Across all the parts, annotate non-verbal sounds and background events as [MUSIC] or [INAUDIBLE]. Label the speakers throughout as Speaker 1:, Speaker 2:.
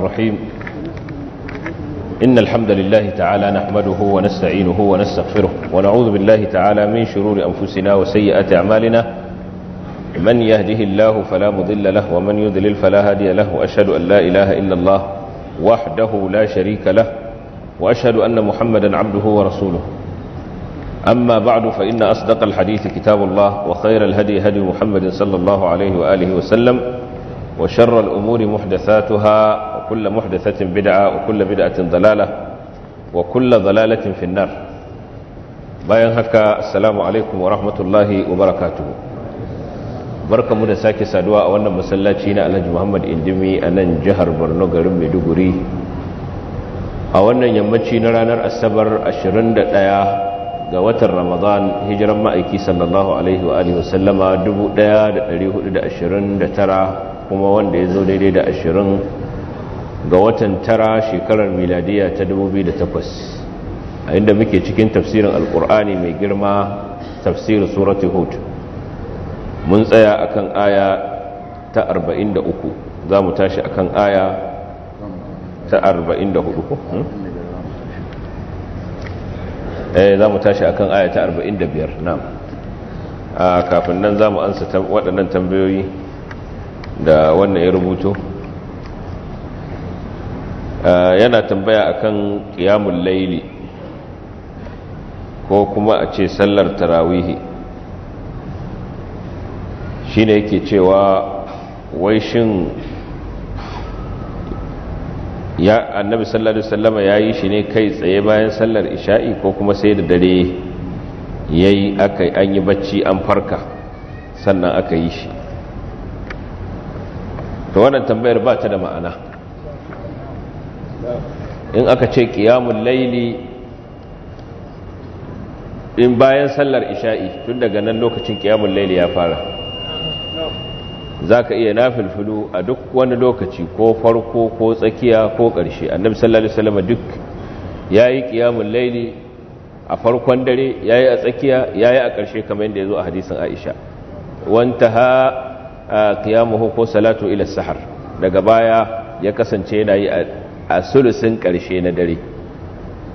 Speaker 1: الرحيم إن الحمد لله تعالى نحمده ونستعينه ونستغفره ونعوذ بالله تعالى من شرور أنفسنا وسيئات أعمالنا من يهده الله فلا مضل له ومن يضلل فلا هادي له وأشهد أن لا إله إلا الله وحده لا شريك له وأشهد أن محمدا عبده ورسوله أما بعد فإن أصدق الحديث كتاب الله وخير الهدي هدي محمد صلى الله عليه وآله وسلم وشر الأمور محدثاتها وكل محدثة بدعة وكل بدعة ضلالة وكل ضلالة في النار bayan haka assalamu alaikum wa rahmatullahi wa barakatuhu barkamu da sake saduwa a wannan masallaci na alhaji muhammad indimi a nan jihar borno garin maiduguri a wannan yammaci na ranar asabar 21 ga watan ramadan hijiran ma'aiki sallallahu alaihi wa alihi wasallama 1429 kuma wanda ya zo daidai da ashirin. ga watan tara shekarar miladiya ta 2008 a inda muke cikin tafsirin alkur'ani mai girma tafsirin surati hud mun tsaya akan aya ta 43 za mu tashi akan aya ta 44 hmm? eh za mu tashi akan aya ta 45 na a kafin nan za mu ansa waɗannan tambayoyi da wannan ya rubuto Eh, yana tambaya akan qiyamul laili ko kuma a ce sallar tarawihi shine yake cewa wai shin ya annabi sallallahu alaihi wasallama yayi shi ne kai tsaye bayan sallar isha'i ko kuma sai da dare yayi aka an yi bacci an farka sannan aka yi shi to wannan tambayar ba ta da ma'ana in aka ce ƙiyamun laili in bayan sallar isha'i tun daga nan lokacin ƙiyamun laili ya fara za ka iya nafilfilu a duk wani lokaci ko farko ko tsakiya ko ƙarshe annabi sallallahu alaihi wasallam duk ya yi ƙiyamun laili a farkon dare ya yi a tsakiya ya yi a ƙarshe kamar yadda ya zo a hadisin aisha wanta ha a ƙiyamuhu ko salatu ila sahar daga baya ya kasance yana yi a a sulusin ƙarshe na dare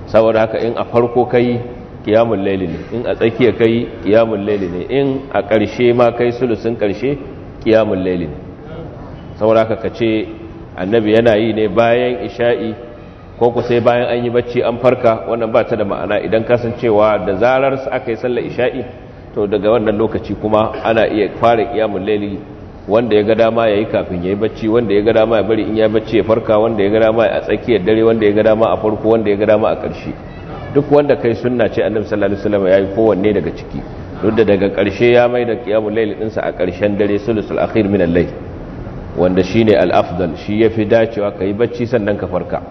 Speaker 1: saboda haka in a farko kai kiyamun laili ne in a tsakiya kai kiyamun laili ne in a ƙarshe ma kai sulusin ƙarshe kiyamun laili ne saboda haka ka ce annabi yana yi ne bayan isha'i ko ku sai bayan an yi bacci an farka wannan ba ta da ma'ana idan cewa da zarar aka yi sallar isha'i to daga wannan lokaci kuma ana iya fara kiyamun laili wanda ya ga dama yayi kafin yayi bacci wanda ya ga dama ya bari in ya bacci ya farka wanda ya ga dama a tsakiyar dare wanda ya ga dama a farko wanda ya ga dama a ƙarshe duk wanda kai sunna ce annabi sallallahu alaihi wasallam yayi kowanne daga ciki duk da daga ƙarshe ya mai da qiyamul layl din sa a ƙarshen dare sulusul akhir min al-layl wanda shine al-afdal shi yafi dacewa kai bacci sannan ka farka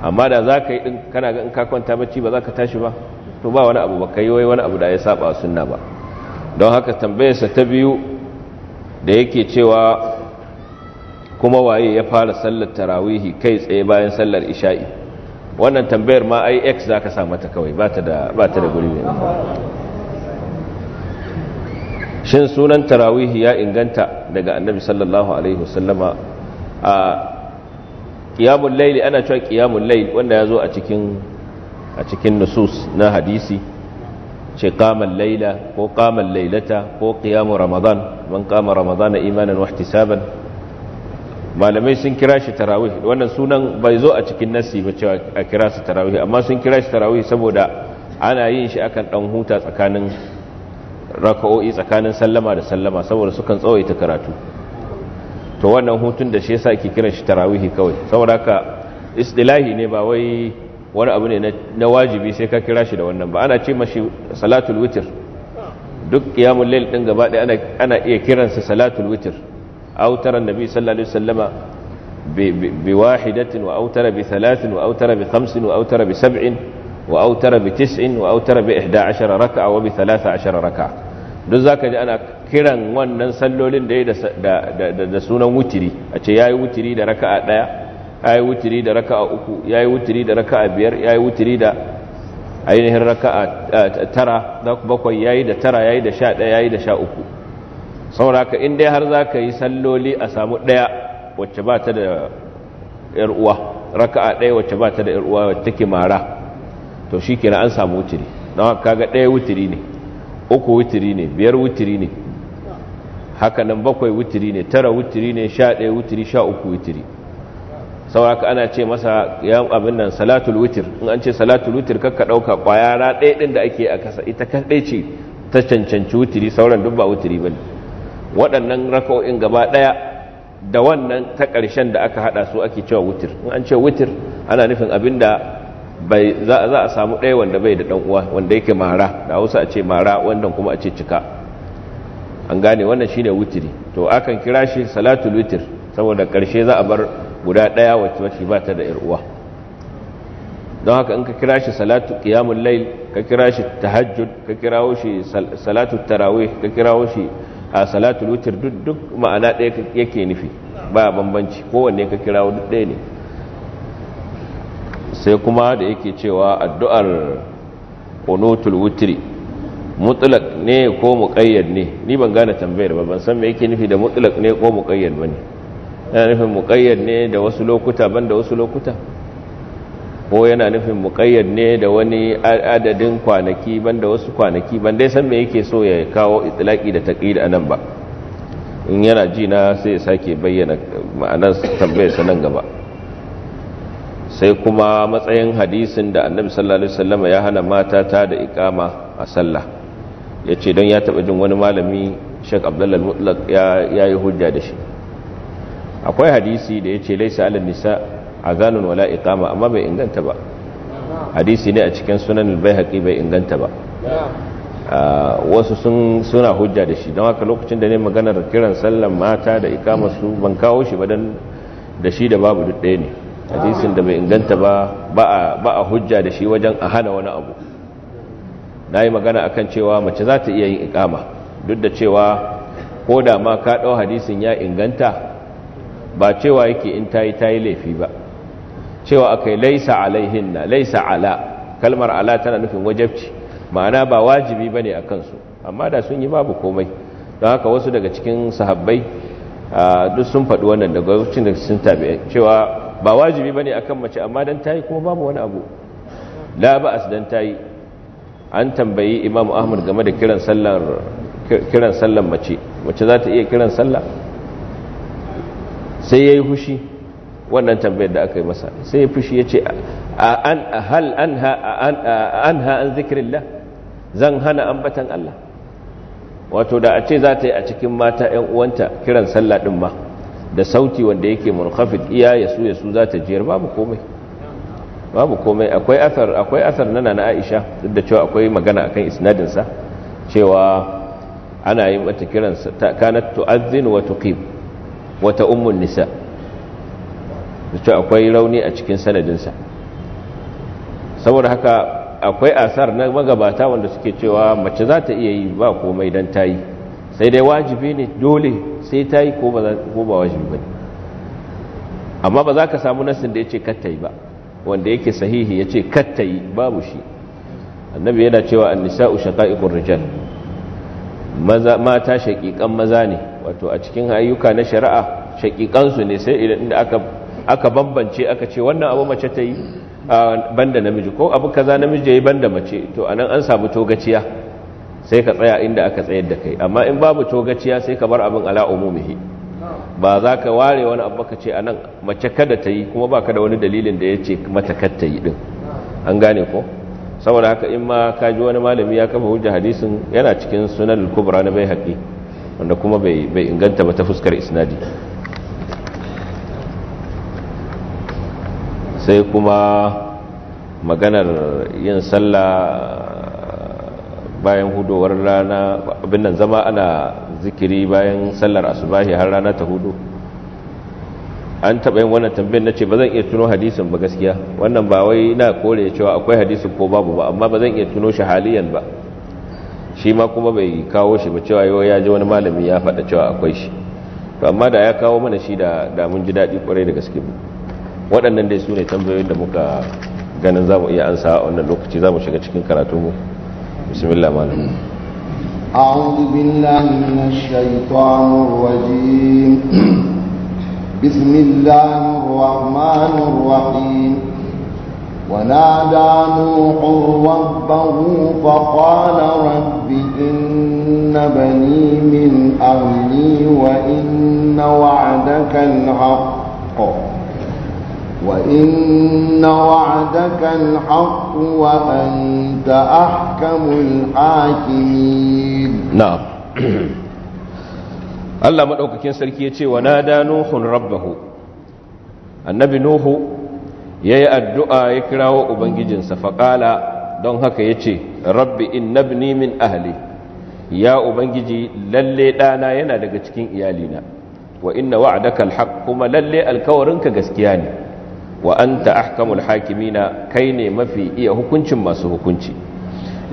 Speaker 1: amma da zaka yi din kana ga in ka kwanta bacci ba ka tashi ba to ba wani abu ba kai wai wani abu da ya saba sunna ba don haka tambayarsa ta biyu da yake cewa kuma waye ya fara sallar tarawihi kai tsaye bayan sallar isha'i wannan tambayar ma ai x za ka samu ta kawai ba ta da guri ne shin sunan tarawihi ya inganta daga annabi sallallahu alaihi wasallama a qiyamul laili ana cewa qiyamul layl wanda ya zo a cikin nusus na hadisi ce qamal laila ko qamal lailata ko qiyamu ramadan man kama ramadana imanan wahtisaban malamai sun kira shi tarawih wannan sunan bai zo a cikin nasi ba cewa a kira su tarawih amma sun kira shi tarawih saboda ana yin shi akan dan huta tsakanin raka'o'i tsakanin sallama da sallama saboda sukan tsawaita karatu to wannan hutun da shi yasa ake kira shi tarawihi kawai saboda haka istilahi ne ba wai wani abu ne na wajibi sai ka kira shi da wannan ba ana ce mashi salatul witr duk qiyamul layl din gaba ɗaya ana iya kiransa salatul witr autaran annabi sallallahu alaihi wasallama bi wahidatin wa autara bi thalathin wa autara bi khamsin wa autara bi sab'in wa autara bi tis'in wa autara bi 11 raka'a wa bi 13 raka'a duk zaka ji ana kiran wannan sallolin da da da sunan wutiri a ce yayi wutiri da raka'a daya yayi wutiri da raka'a uku yayi wutiri da raka'a biyar yayi wutiri da ainihin raka'a tara za ku bakwai yayi da tara yayi da sha ɗaya yayi da sha uku sauraka in dai har za ka yi salloli a samu ɗaya wacce ba ta da ‘yar uwa raka'a ɗaya wacce ba ta da ‘yar uwa wacce take mara to shi kira an samu wutiri na kaga ɗaya wutiri ne uku wutiri ne biyar wutiri ne hakanan bakwai wutiri ne tara wutiri ne sha ɗaya wutiri sha uku wutiri sauraka ana ce masa yawon abin nan salatul witir in an ce salatul witir kakka ɗauka ƙwayara ɗaya ɗin da ake a kasa ita kaɗai ce ta cancanci wutiri sauran duk ba wutiri ba ne waɗannan rakoin gaba ɗaya da wannan ta ƙarshen da aka haɗa su ake cewa wutir in an ce wutir ana nufin abin da bai za a samu ɗaya wanda bai da ɗan uwa wanda yake mara da hausa a ce mara wannan kuma a ce cika an gane wannan shine wutiri to akan kira shi salatul witir saboda karshe za a bar guda ɗaya wacce wacce ba ta da uwa. don haka in ka kira shi salatu ƙiyamun lail ka kira shi tahajjud ka kirawo shi salatu tarawe ka kirawo shi a salatu lutir duk ma'ana ɗaya yake nufi ba bambanci kowanne ka kirawo duk ɗaya ne sai kuma da yake cewa addu'ar onotul wutiri mutulak ne ko muƙayyad ne ni ban gane tambayar ba ban san me yake nufi da mutulak ne ko muƙayyad ba ne yana nufin muƙayyar ne da wasu lokuta ban da wasu lokuta ko yana nufin muƙayyad ne da wani adadin kwanaki ban da wasu kwanaki ban dai san me yake so ya kawo itilaki da taƙi a nan ba in yana ji na sai ya sake bayyana ma'anar tambayar sa nan gaba sai kuma matsayin hadisin da annabi sallallahu alaihi wasallam ya hana mata ta da ikama a sallah yace don ya taba jin wani malami Sheikh Abdullah Mutlaq ya yi hujja da shi akwai hadisi da ya ce laisa alal nisa azanun wala iqama amma bai inganta ba hadisi ne a cikin sunan al-baihaqi bai inganta ba ah, wasu sun suna hujja da shi don haka lokacin da ne maganar kiran sallan mata da iqama su ban kawo shi badan da shi da babu duk ɗaya ne hadisin da bai inganta ba ba a hujja da shi wajen a hana wani abu na yi magana akan cewa mace za ta iya yin ikama duk da cewa ko da ma ka ɗau hadisin ya inganta ba cewa yake in tayi tayi laifi ba cewa akai laisa alaihinna laisa ala kalmar ala tana nufin wajabci ma'ana ba wajibi bane akan su amma da sun yi babu komai don haka wasu daga cikin sahabbai duk sun faɗi wannan daga lokacin da sun tabi cewa ba wajibi bane akan mace amma dan tayi kuma babu wani abu la ba'as dan tayi an tambayi imamu ahmad game da kiran sallar kiran sallar mace mace za ta iya kiran sallah sai ya yi fushi wannan tambayar da aka yi masa sai ya fushi ya ce an ha an zikirin la zan hana ambatan Allah wato da a ce za ta yi a cikin mata 'yan uwanta kiran sallah ɗin ma da sauti wanda yake munhafid iya ya su ya su za ta jiyar babu komai babu komai akwai athar akwai athar nana na Aisha duk da cewa akwai magana akan isna'dinsa cewa ana yi mata kiran sa kanat wa tuqim wata ummun nisa da akwai rauni a cikin sanadinsa saboda haka akwai asar na magabata wanda suke cewa mace za ta iya yi ba komai don ta yi sai dai wajibi ne dole sai ta yi ko ba wajibi ba amma ba za ka samu nasin da ya ce katta yi ba wanda yake sahihi ya ce katta yi babu shi annabi yana cewa an nisa'u shaqa'iqur rijal maza mata shaqiqan maza ne wato a cikin ayyuka na shari'a shakikansu ne sai idan aka aka bambance aka ce wannan abu mace ta yi banda namiji ko abu kaza namiji ya ban banda mace to anan an samu togaciya sai ka tsaya inda aka tsayar da kai amma in babu togaciya sai ka bar abin ala umumihi ba za ka ware wani abu ka ce anan mace kada ta yi kuma ba ka da wani dalilin da ya ce mata kar ta yi din an gane ko saboda haka in ma ka ji wani malami ya kafa hujja hadisin yana cikin sunan al-kubra na bai haƙi wanda kuma bai inganta ba ta fuskar isnadi sai kuma maganar yin sallah bayan hudowar rana abin nan zama ana zikiri bayan sallar asubahi har rana ta hudu an taɓa yin wannan tambayar na ce ba zan iya tuno hadisin ba gaskiya wannan ba wai na kore cewa akwai hadisin ko babu ba amma ba zan iya tuno shi haliyan ba shi ma kuma bai kawo shi ba cewa yau ya ji wani malami ya faɗa cewa akwai shi to amma da ya kawo mana shi da mun ji daɗi kwarai da gaske waɗannan dai su ne tambayoyin da muka ganin za mu iya ansa a wannan lokaci za mu shiga cikin mu. bismillah malam
Speaker 2: أعوذ بالله من الشيطان الرجيم بسم الله الرحمن الرحيم ونادى نوح ربه فقال رب إن بني من أهلي وإن وعدك الحق وإن وعدك الحق وأنت أحكم الحاكمين
Speaker 1: نعم [COUGHS] الله maɗaukakin أوكي ya ce ونادى نوح ربه النبي نوح ya yi addu'a ya kirawo ubangijinsa faƙala don haka ya ce rabbi in nabni min ahali ya ubangiji lalle ɗana yana daga cikin iyalina wa inna wa'adaka alhaq kuma lalle alkawarinka gaskiya ne wa anta hakimi hakimina kai ne mafi iya hukuncin masu hukunci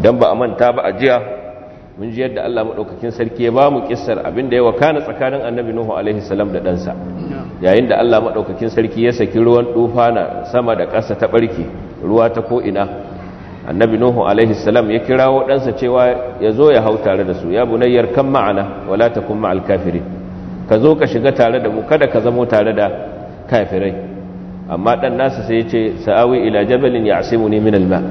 Speaker 1: don ba a manta ba a jiya mun ji yadda Allah maɗaukakin sarki ya bamu kissar da ya wakana tsakanin annabi nuhu alaihi salam da ɗansa yayin da Allah maɗaukakin sarki ya saki ruwan na sama da ƙasa ta ɓarke ruwa ta ko'ina. annabi nuhu alaihi salam ya kirawo ɗansa cewa ya zo ya hau tare da su ya bunayyar kan ma'ana wala ta kuma kafirin ka zo ka shiga tare da mu kada ka zamo tare da kafirai amma ɗan nasa sai ya ce sa'awi ila jabalin ya ne min alma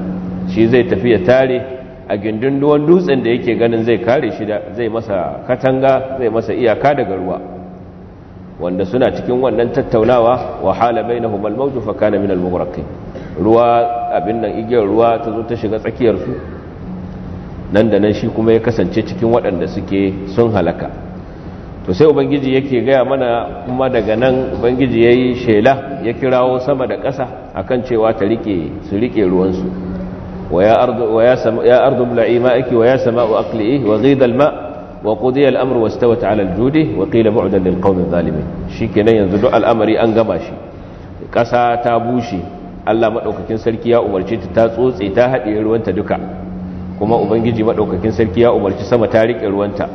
Speaker 1: shi zai tafi ya tare a gindin duwan dutsen da yake ganin zai kare shi zai masa katanga zai masa iyaka daga ruwa wanda suna cikin wannan tattaunawa wahala hala bainahum al-mawju fa kana min al-mughraqin ruwa abin nan igiyar ruwa ta zo ta shiga tsakiyar su nan da nan shi kuma ya kasance cikin waɗanda suke sun halaka to sai ubangiji yake gaya mana kuma daga nan ubangiji yayi shela ya kirawo sama da ƙasa akan cewa ta rike su rike ruwan su ويا أرض ويا سم يا أرض ابلعي ماءك ويا سماء أقلئي وغيض الماء وقضي الأمر واستوت على الجود وقيل بعدا للقوم الظالمين شيكنا ينزل الأمر أن كسا تابوشي Allah maɗaukakin sarki ya umarci ta tsotse ta haɗe ruwanta duka kuma ubangiji maɗaukakin sarki ya umarci sama ta rike ruwanta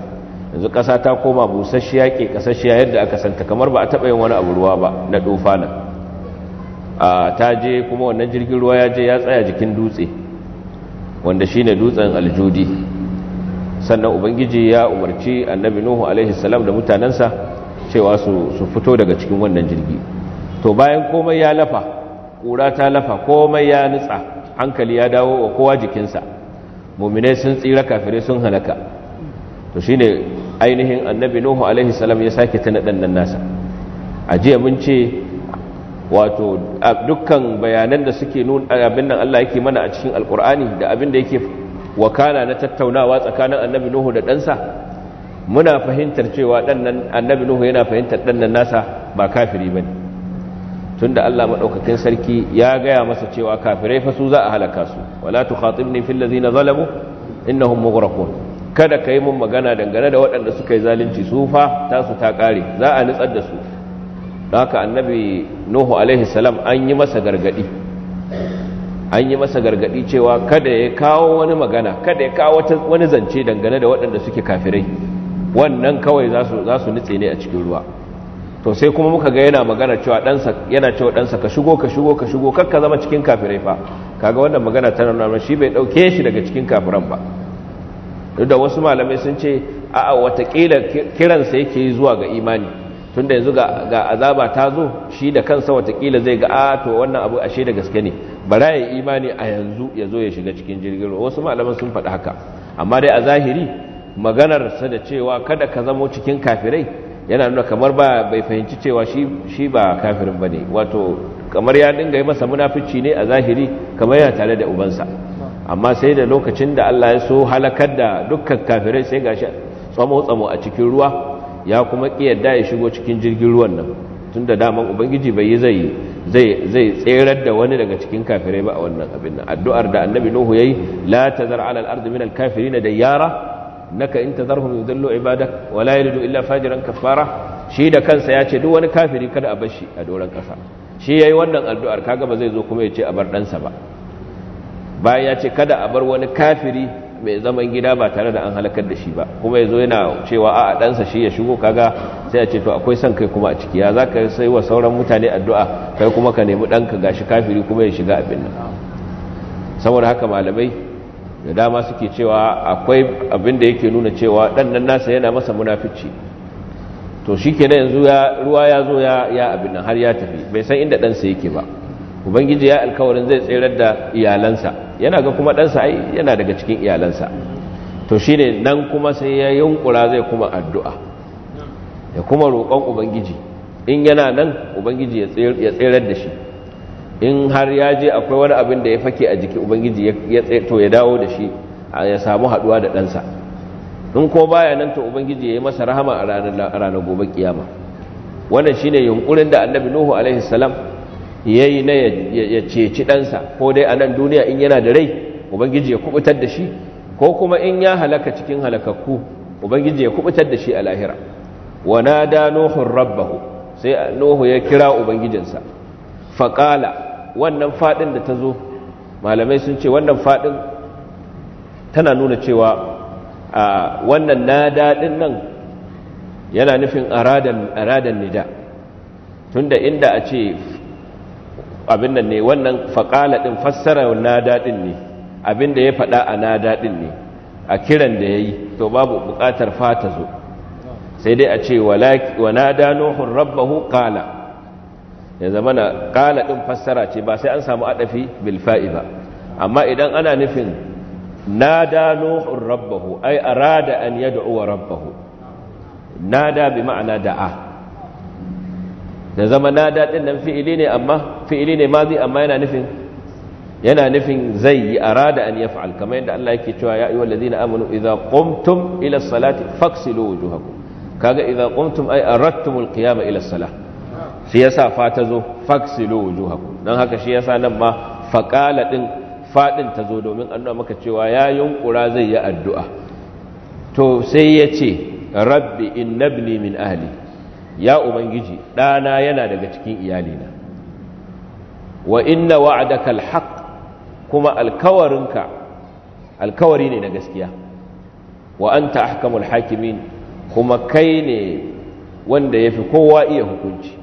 Speaker 1: yanzu ƙasa ta koma busasshiya ke ƙasasshiya yadda aka santa kamar ba a taɓa yin wani abu ruwa ba na dofa nan ta je kuma wannan jirgin ruwa ya je ya tsaya jikin dutse wanda shine dutsen aljudi sannan ubangiji ya umarci annabi nuhu alaihi salam da mutanensa cewa su fito daga cikin wannan jirgi to bayan komai ya lafa ƙura ta lafa komai ya nutsa hankali ya dawo wa kowa jikinsa muminai sun tsira kafire sun halaka to shine ainihin annabi nuhu alaihi salam ya sake tana ɗannan nasa a jiya mun ce wato dukkan bayanan da suke nuna abin nan Allah yake mana a cikin alkur'ani da abin da yake wakana na tattaunawa tsakanin annabi nuhu da ɗansa muna fahimtar cewa ɗannan annabi nuhu yana fahimtar ɗannan nasa ba kafiri ba ne tun da Allah maɗaukakin sarki ya gaya masa cewa kafirai fa su za a halaka su wala tu khatibni fil in zalamu innahum mughraqun kada ka yi mun magana dangane da waɗanda suka yi zalunci su fa tasu ta ƙare za a nutsar da su haka annabi nuhu alaihi salam an yi masa gargadi an yi masa gargadi cewa kada ya kawo wani magana kada ya kawo wani zance dangane da waɗanda suke kafirai wannan kawai za su nitse ne a cikin ruwa to sai kuma muka ga yana magana cewa ɗansa yana cewa ɗansa ka shigo ka shigo ka shigo kakka zama cikin kafirai fa kaga wannan magana ta nuna shi bai ɗauke shi daga cikin kafiran ba duk da wasu malamai sun ce a'a watakila kiransa yake zuwa ga imani Tun da yanzu ga azaba ta zo shi da kansa watakila zai ga a ah, to wannan abu ashe da gaske ne bara ya imani a yanzu ya zo ya shiga cikin jirgin ruwa wasu malaman sun faɗi haka amma dai a zahiri maganar sa da cewa kada ka zamo cikin kafirai yana nuna kamar ba bai fahimci cewa shi ba kafirin ba ne wato kamar ya dinga yi masa munafici ne a zahiri kamar yana tare da ubansa amma sai da lokacin da Allah ya so halakar da dukkan kafirai sai gashi tsamo tsamo a cikin ruwa ya kuma kiyarda ya shigo cikin jirgin ruwan nan tun da daman ubangiji bai yi zai zai tserar da wani daga cikin kafirai ba a wannan abin nan addu'ar da annabi nuhu yayi la tazar ala al-ardi min al-kafirin dayyara naka in tazarhum yudillu ibadak wa la yalidu illa fajiran kafara shi da kansa ya ce duk wani kafiri kada a bar shi a doron kasa shi yayi wannan addu'ar kaga ba zai zo kuma ya ce a bar ɗansa ba bayan ya ce kada a bar wani kafiri mai zaman gida ba tare da an halakar da shi ba kuma ya zo yana cewa a a ɗansa shi ya shigo kaga sai a ce to akwai son kai kuma a ciki ya za ka sai wa sauran mutane addu'a kai kuma ka nemi ɗanka gashi kafiri kuma ya shiga abin nan saboda haka malamai da dama suke cewa akwai abin da yake nuna cewa ɗan nan nasa yana masa munafici to shi ke yanzu ruwa ya zo ya abin nan har ya tafi bai san inda ɗansa yake ba ubangiji ya alkawarin zai tserar da iyalansa yana ga kuma ɗansa ai yana daga cikin iyalansa to shine nan kuma sai ya yunkura zai kuma addu'a ya kuma roƙon ubangiji in yana nan ubangiji ya tserar da shi in har ya je akwai wani abin da ya fake a jiki ubangiji to ya dawo da shi ya samu haɗuwa da ɗansa in ko baya nan to ubangiji ya yi masa rahama a ranar gobe kiyama wannan shine yunkurin da annabi nuhu alaihi ya yi na ya ceci ɗansa ko dai a nan duniya in yana da rai ubangiji ya kubutar da shi ko kuma in ya halaka cikin halakakku ubangiji ya kubutar da shi a lahira wa na da nuhun rabbahu sai nuhu ya kira ubangijinsa faƙala wannan faɗin da ta zo malamai sun ce wannan faɗin tana nuna cewa a wannan nada ɗin nan yana nufin aradan nida tunda inda a ce abin nan ne wannan faƙala ɗin fassara na daɗin ne abin da ya faɗa a na daɗin ne a kiran da ya yi to babu buƙatar fata zo sai dai a ce wa na da nuhun rabbahu ƙala ya zama na ƙala ɗin fassara ce ba sai an samu adafi bilfa'i ba amma idan ana nufin na da nuhun rabbahu ai arada an yadda uwa rabbahu na da bi ma'ana da'a da zama na daɗin nan fi'ili ne amma fi'ili ne mazi amma yana nufin yana nufin zai yi arada an yaf'al kamar yadda Allah yake cewa ya ayyuhal ladina amanu idza qumtum ila salati faghsilu wujuhakum kaga idza qumtum ay aradtumul qiyama ila salah shi yasa fa ta zo faghsilu wujuhakum dan haka shi yasa nan ma faqala din fadin ta zo domin an nuna maka cewa ya yunkura zai yi addu'a to sai ya ce rabbi innabni min ahli ya ubangiji ɗana yana daga cikin iyalina wa inna wa'adaka alhaq kuma alkawarinka alkawari ne na gaskiya wa anta ahkamul hakimin kuma kai ne wanda yafi kowa iya hukunci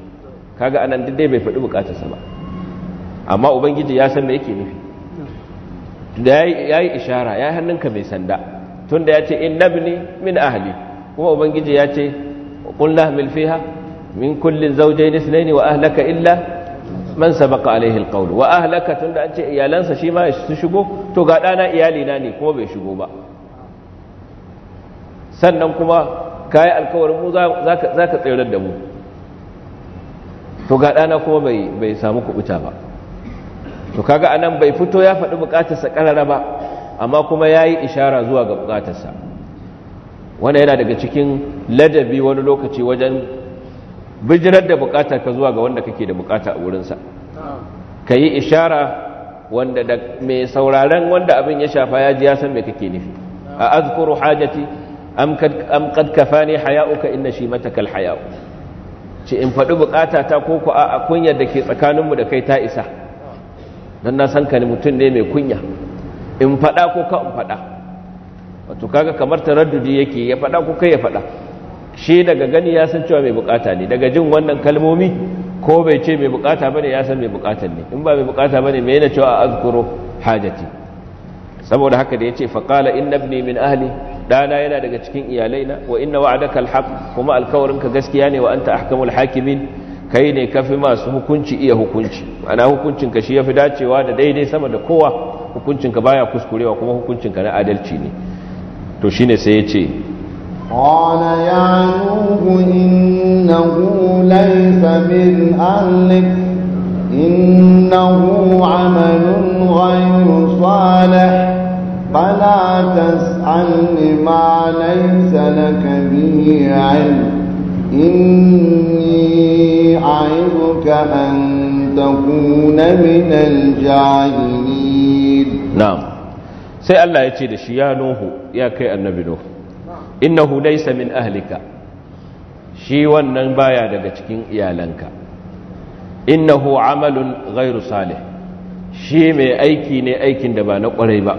Speaker 1: kaga anan duk dai bai faɗi bukatarsa ba amma ubangiji ya san me yake nufi tunda yayi ishara yayi hannunka mai sanda tunda yace innabni min ahli kuma ubangiji ya ce qulna mil fiha min kullin zawjayn ithnayn wa ahlaka illa man sabaqa alaihi alqawl wa ahlaka tunda an ce iyalansa shi ma su shigo to ga dana iyali na ne kuma bai shigo ba sannan kuma kai alkawarin mu zaka zaka tsirar da mu to ga dana kuma bai bai samu kubuta ba to kaga anan bai fito ya faɗi bukatarsa karara ba amma kuma yayi ishara zuwa ga bukatarsa wannan yana daga cikin ladabi wani lokaci wajen bijirar da bukata ka zuwa ga wanda kake da bukata a wurinsa ka yi ishara wanda da mai sauraren wanda abin ya shafa ya ji ya san mai kake nufi a azkuru hajati am kad kafani haya'uka inna shi matakal haya'u ce in faɗi bukata ta ko ku a kunyar da ke tsakaninmu da kai ta isa don na san ka mutum ne mai kunya in faɗa ko ka in faɗa wato kaga kamar taraddudi yake ya faɗa ko kai ya faɗa shi daga gani ya san cewa mai bukata ne daga jin wannan kalmomi ko bai ce mai bukata bane ya san mai bukatan ne in ba mai bukata bane me yana cewa azkuru hajati saboda haka da yace fa qala inna ibni min ahli dana yana daga cikin iyalaina wa inna wa'adaka alhaq kuma ka gaskiya ne wa anta ahkamul hakimin kai ne kafi masu hukunci iya hukunci ana hukuncin ka shi yafi dacewa da daidai sama da kowa hukuncin ka baya kuskurewa kuma hukuncin ka na adalci ne to shine sai yace قال
Speaker 3: يا نوح
Speaker 2: إنه ليس من أهلك إنه عمل غير صالح فلا تسألني ما ليس لك به علم إني أعظك أن تكون من الجاهلين
Speaker 1: نعم سي الله ya ce يا shi يا كي النبي kai innahu laysa min ahlika shi wannan baya daga cikin iyalanka innahu amalun ghairu salih shi mai aiki ne aikin da ba na kwarai ba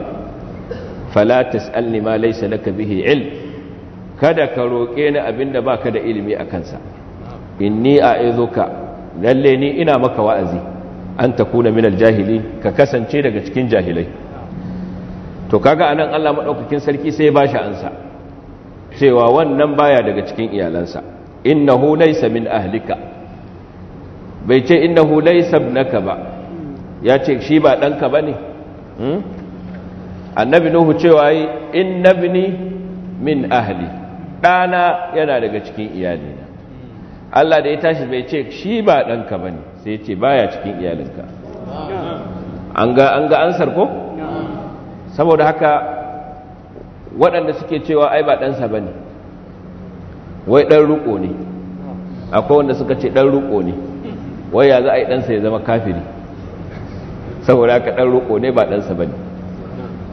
Speaker 1: fala tasalni ma laysa laka bihi ilm kada ka roƙe ni abinda baka da ilimi a kansa inni a'izuka lalle ni ina maka wa'azi an takuna minal jahili ka kasance daga cikin jahilai to kaga anan Allah madaukakin sarki sai ya bashi ansa cewa wannan baya daga cikin iyalansa innahu laysa min ahlika bai ce innahu laysa ibnaka ba ya ce shi ba danka bane hmm? annabi nuhu cewa yi innabni min ahli dana yana daga cikin iyalina Allah da ya tashi bai ce shi ba danka bane sai ya ce baya cikin iyalinka an ga an ga ansar ko saboda haka waɗanda suke cewa ai ba ɗansa ba ne wai ɗan ruko ne akwai wanda suka ce ɗan ruko ne wai ya za a yi ɗansa ya zama kafiri saboda aka ɗan ruko ne ba ɗansa ba ne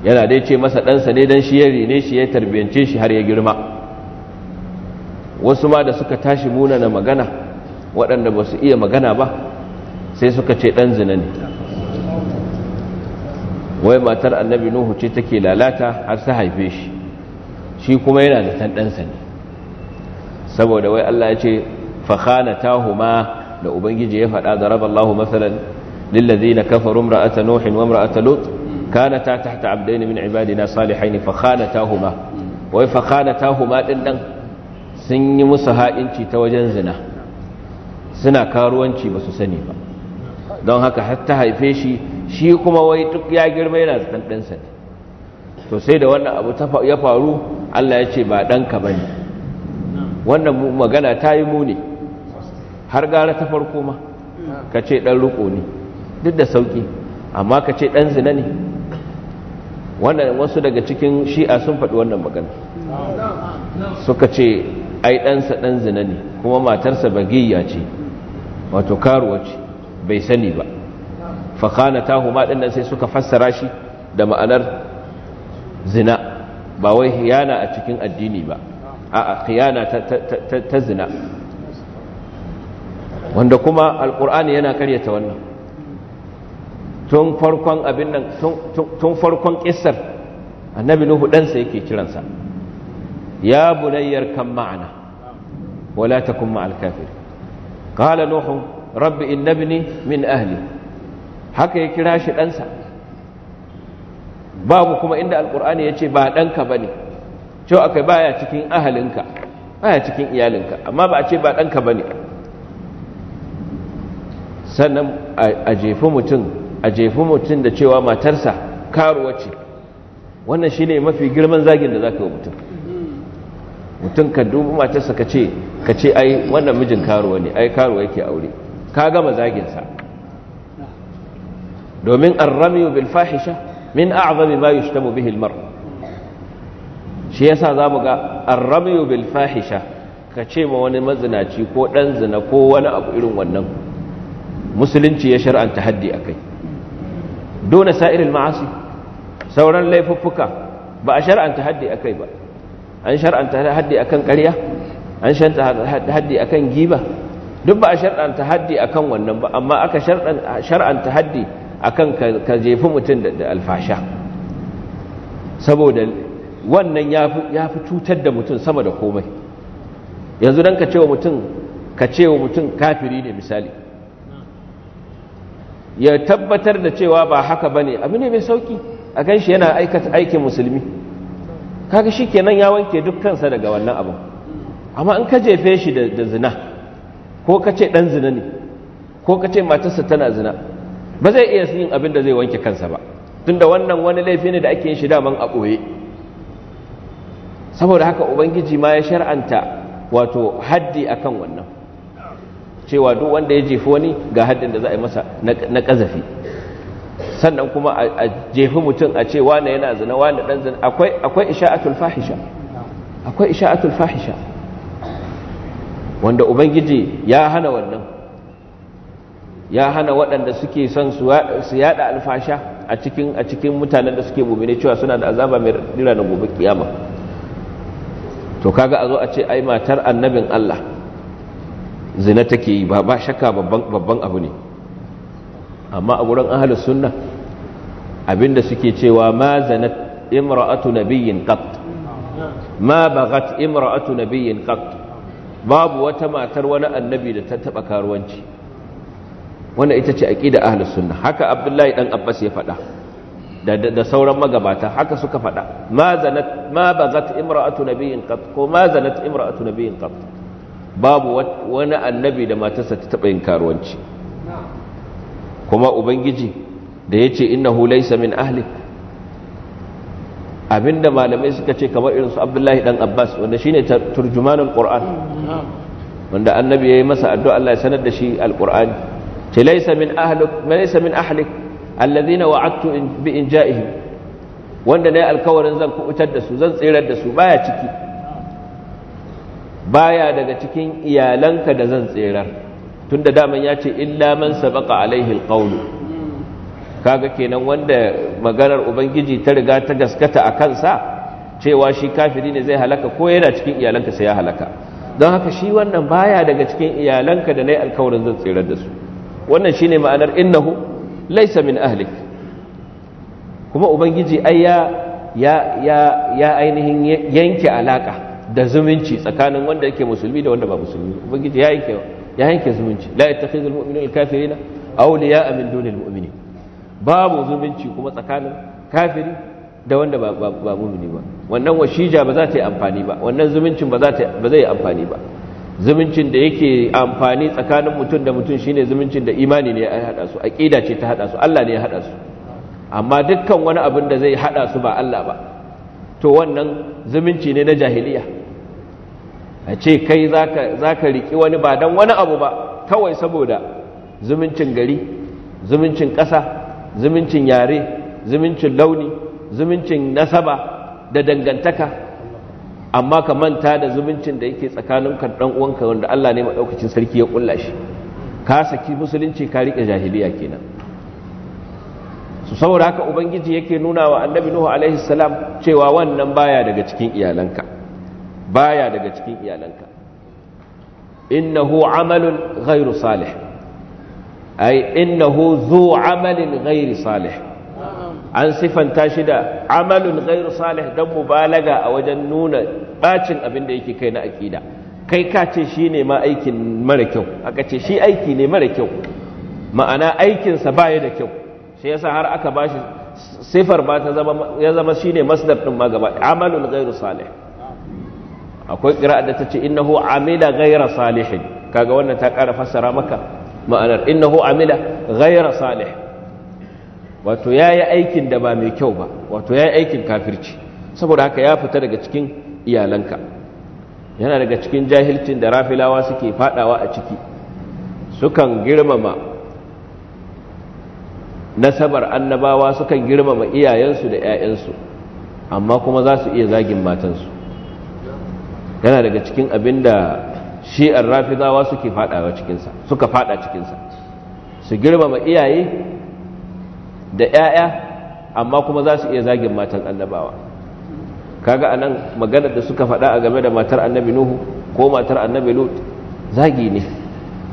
Speaker 1: yana dai ce masa ɗansa ne don shi ya rene shi ya tarbiyance shi har ya girma wasu ma da suka tashi munana magana waɗanda ba su iya magana ba sai suka ce ɗan zina ne wai matar annabi nuhu ce take lalata har ta haife shi shi kuma yana da tan ne saboda wai Allah ya ce fakhana tahuma da ubangiji ya faɗa da raballahu masalan lillazina kafaru imra'ata nuhin wa imra'ata lut kanata tahta abdayn min ibadina salihain fakhana tahuma wai fakhana tahuma din dan sun yi musu ha'inci ta wajen zina suna karuwanci basu sani ba don haka har ta haife shi shi kuma wai duk ya girma yana da ɗansa ne to sai da wannan abu ya faru Allah ya ce ba ɗanka ba ne wannan magana ta yi muni har gara ta farko ma ka ce ɗan riƙo ne duk da sauƙi amma ka ce ɗan zina ne wannan wasu daga cikin shi'a sun faɗi wannan magana suka ce ai ɗansa ɗan zina ne kuma matarsa bagiyya ce wato karuwa ce bai sani ba fakana ta huma ɗin sai suka fassara shi da ma'anar zina ba wai hiyana a cikin addini ba a'a hiyana ta zina wanda kuma alkur'ani yana karyata wannan tun farkon abin nan tun farkon kissar annabi nuhu ɗansa yake kiransa ya bunayyar kan ma'ana wala takun ma'al kafir qala nuhu rabbi innabni min ahli haka ya kira shi ɗansa babu kuma inda alkur'ani ya ce ba ɗanka ba ne cewa aka baya cikin ahalinka baya cikin iyalinka amma ba a ce ba ɗanka ba ne sannan a jefi mutum a jefi mutum da cewa matarsa karuwa ce wannan shi ne mafi girman zagin da za ka yi mutum mutum ka dubi matarsa ka ce ka ce ai wannan mijin karuwa ne ai karuwa yake aure ka gama zaginsa domin arramiyu bil fahisha min a'zami ma yushtamu bihi al-mar shi yasa zamu ga ar-ramyu bil fahisha ka ce ma wani mazinaci ko dan zina ko wani abu irin wannan musulunci ya shar'anta haddi akai dole sa'iril ma'asi sauran laifuffuka ba a shar'anta haddi akai ba an shar'anta haddi akan ƙarya an shar'anta haddi akan giba duk ba a shar'anta haddi akan wannan ba amma aka shar'anta haddi akan ka jefi mutum da alfasha saboda wannan ya fi cutar da mutum sama da komai yanzu don ka cewa mutum ka cewa mutum kafiri ne misali ya tabbatar da cewa ba haka ba ne abu ne mai sauki a kan shi yana aikata aikin musulmi kaga shi kenan ya wanke dukkansa daga wannan abu amma in ka jefe shi da zina ko ka ce ɗan zina ne ko ka ce matarsa tana zina ba zai iya yin abin da zai wanke kansa ba tunda wannan wani laifi ne da ake yin shi daman a ɓoye saboda haka ubangiji ma ya shar'anta wato haddi akan wannan cewa duk wanda ya jefi wani ga haddin da za a yi masa na ƙazafi sannan kuma a jefi mutum a ce wane yana zina wane ɗan zina akwai isha'atul fahisha akwai isha'atul fahisha wanda ubangiji ya hana wannan ya hana waɗanda suke son su yada alfasha a cikin a cikin mutanen da suke mumine cewa suna da azaba mai rira na gobe kiyama to kaga a zo a ce ai matar annabin Allah zina take yi ba ba shakka babban babban abu ne amma a gurin ahlus sunna abinda suke cewa ma zanat imra'atu nabiyyin qat ma bagat imra'atu nabiyyin qat babu wata matar wani annabi da ta taba karuwanci wannan ita ce aqida ahlus sunna haka abdullahi dan abbas ya faɗa da sauran magabata haka suka faɗa ma zanat ma bazat imra'atu nabiyyin qat ko ma zanat imra'atu nabiyyin qat babu wani annabi da matarsa ta taba yin karuwanci kuma ubangiji da yace innahu laysa min ahli, abinda malamai suka ce kamar irin su Abdullahi dan Abbas wanda shine turjumanul Qur'an
Speaker 3: mm-hmm.
Speaker 1: wanda annabi yayi masa addu'a Allah ya sanar da shi alqur'ani ce laisa min ahlik laisa min ahlik alladhina wa'adtu bi inja'ihim wanda nayi alkawarin zan kubutar da su zan tsirar da su baya ciki baya daga cikin iyalanka da zan tsirar tunda daman ya ce illa man sabaqa alaihi alqawlu kaga kenan wanda maganar ubangiji ta riga ta gaskata a kansa cewa shi kafiri ne zai halaka ko yana cikin iyalanka sai ya halaka don haka shi wannan baya daga cikin iyalanka da nayi alkawarin zan tsirar da su wannan shi ne ma'anar innahu laysa min ahlik kuma ubangiji ai ya ya ya ainihin yanke alaka da zumunci tsakanin wanda yake musulmi da wanda ba musulmi ubangiji ya yanke ya yanke zumunci la yattakhidhul mu'minuna al-kafirina awliya'a min dunil mu'minin babu zumunci kuma tsakanin kafiri da wanda ba mu'mini ba wannan washija ba za ta yi amfani ba wannan zumuncin ba za ta ba zai yi amfani ba zumuncin da yake amfani tsakanin mutum da mutum shine zumuncin da imani ne ya haɗa su aƙida ce ta haɗa su Allah ne ya haɗa su amma dukkan wani abin da zai haɗa su ba Allah ba to wannan zumunci ne na jahiliya a ce kai zaka ka riki wani ba dan wani abu ba kawai saboda zumuncin gari zumuncin ƙasa zumuncin yare zumuncin launi zumuncin nasaba da dangantaka amma ka manta da zumuncin da yake tsakaninka dan uwanka wanda Allah ne madaukakin sarki ya kulla shi ka saki musulunci ka rike jahiliya kenan su saboda haka ubangiji yake nuna wa annabi nuhu alaihi salam cewa wannan baya daga cikin iyalanka baya daga cikin iyalanka innahu amalun ghairu salih innahu zu amalin ghairi salih an sifanta shi da amalun ghairu salih dan mubalaga a wajen nuna bacin abin da yake kai na aƙida. kai ka ce shi ne ma aikin mara kyau aka ce shi aiki ne mara kyau ma'ana aikinsa sa baya da kyau shi yasa har aka bashi sifar ba ta zama ya zama shi ne masdar ɗin ma gaba amalun ghairu salih akwai ƙira da ta tace innahu amila ghayra salihin kaga wannan ta ƙara fassara maka ma'anar innahu amila ghayra salih wato ya yi aikin da ba mai kyau ba wato ya yi aikin kafirci saboda haka ya fita daga cikin iyalanka yana daga cikin jahilcin da rafilawa suke fadawa a ciki sukan girmama nasabar annabawa sukan girmama iyayensu da 'ya'yansu amma kuma za su iya zagin matansu yana daga cikin abin da shi'ar rafilawa suke fadawa cikinsa suka fada cikinsa su girmama iyaye da 'ya'ya amma kuma za su iya zagin matan annabawa kaga anan maganar da suka faɗa a game da matar annabi nuhu ko matar annabi lut zagi ne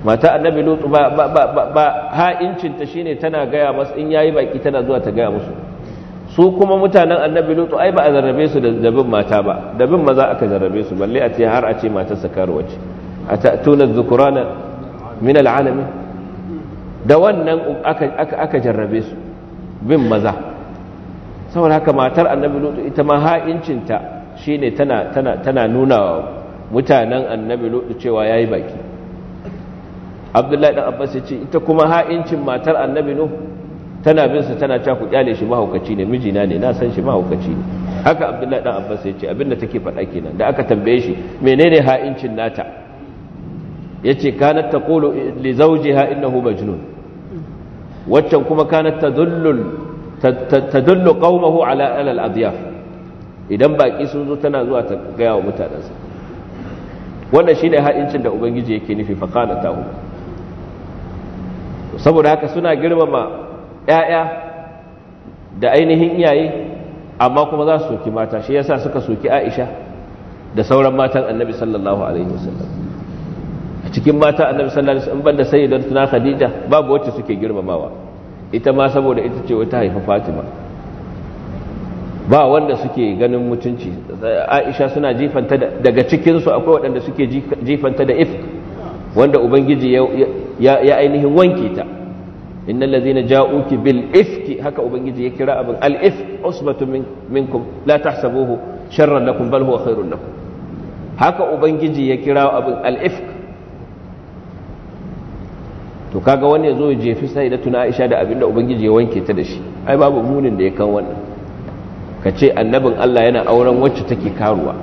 Speaker 1: mata annabi lut ba ba ba ba ha'incinta shine tana gaya masu in yayi baki tana zuwa ta gaya musu su kuma mutanen annabi lut ai ba a zarrabe su da dabin mata ba dabin maza aka zarrabe su balle a ce har a ce matar sakaruwa ce a ta'tuna zukurana min al'alamin da wannan aka jarrabe su bin maza saboda haka matar annabi lutu ita ma ha'incinta shine tana tana nuna wa mutanen annabi lutu cewa ya yi baki abdullahi ɗan abbas ce ita kuma ha'incin matar annabi nu tana bin su tana cewa ku kyale shi mahaukaci ne mijina ne na san shi mahaukaci ne haka abdullahi ɗan abbas ce abinda take faɗa kenan da aka tambaye shi menene ha'incin nata yace kanat taqulu li na innahu majnun waccan kuma kana tadullu tadullu ala alal adyaf idan baki sun zo tana zuwa ta gaya wa mutanansa wannan shine ha'incin da ubangiji yake nufi fa kana tahu saboda haka suna girmama 'ya'ya da ainihin iyaye amma kuma za su soki mata shi yasa suka soki Aisha da sauran matan Annabi sallallahu alaihi wasallam cikin mata annabi sallallahu alaihi wasallam banda sayyidatuna khadija babu wacce suke girmamawa ita ma saboda ita ce wata haifa fatima ba wanda suke ganin mutunci aisha suna jifanta daga cikinsu akwai waɗanda suke jifanta da ifk wanda ubangiji ya ainihin wanke ta innal ladzina ja'uki bil ifki haka ubangiji ya kira abin al ifk usbatun minkum la tahsabuhu sharran lakum bal huwa khairun lakum haka ubangiji ya kira abin al ifk to kaga wani ya zo ya jefi sai da tuna aisha da abinda ubangiji ya wanke ta da shi ai babu munin da ya kan wannan ka ce annabin allah yana auren wacce take karuwa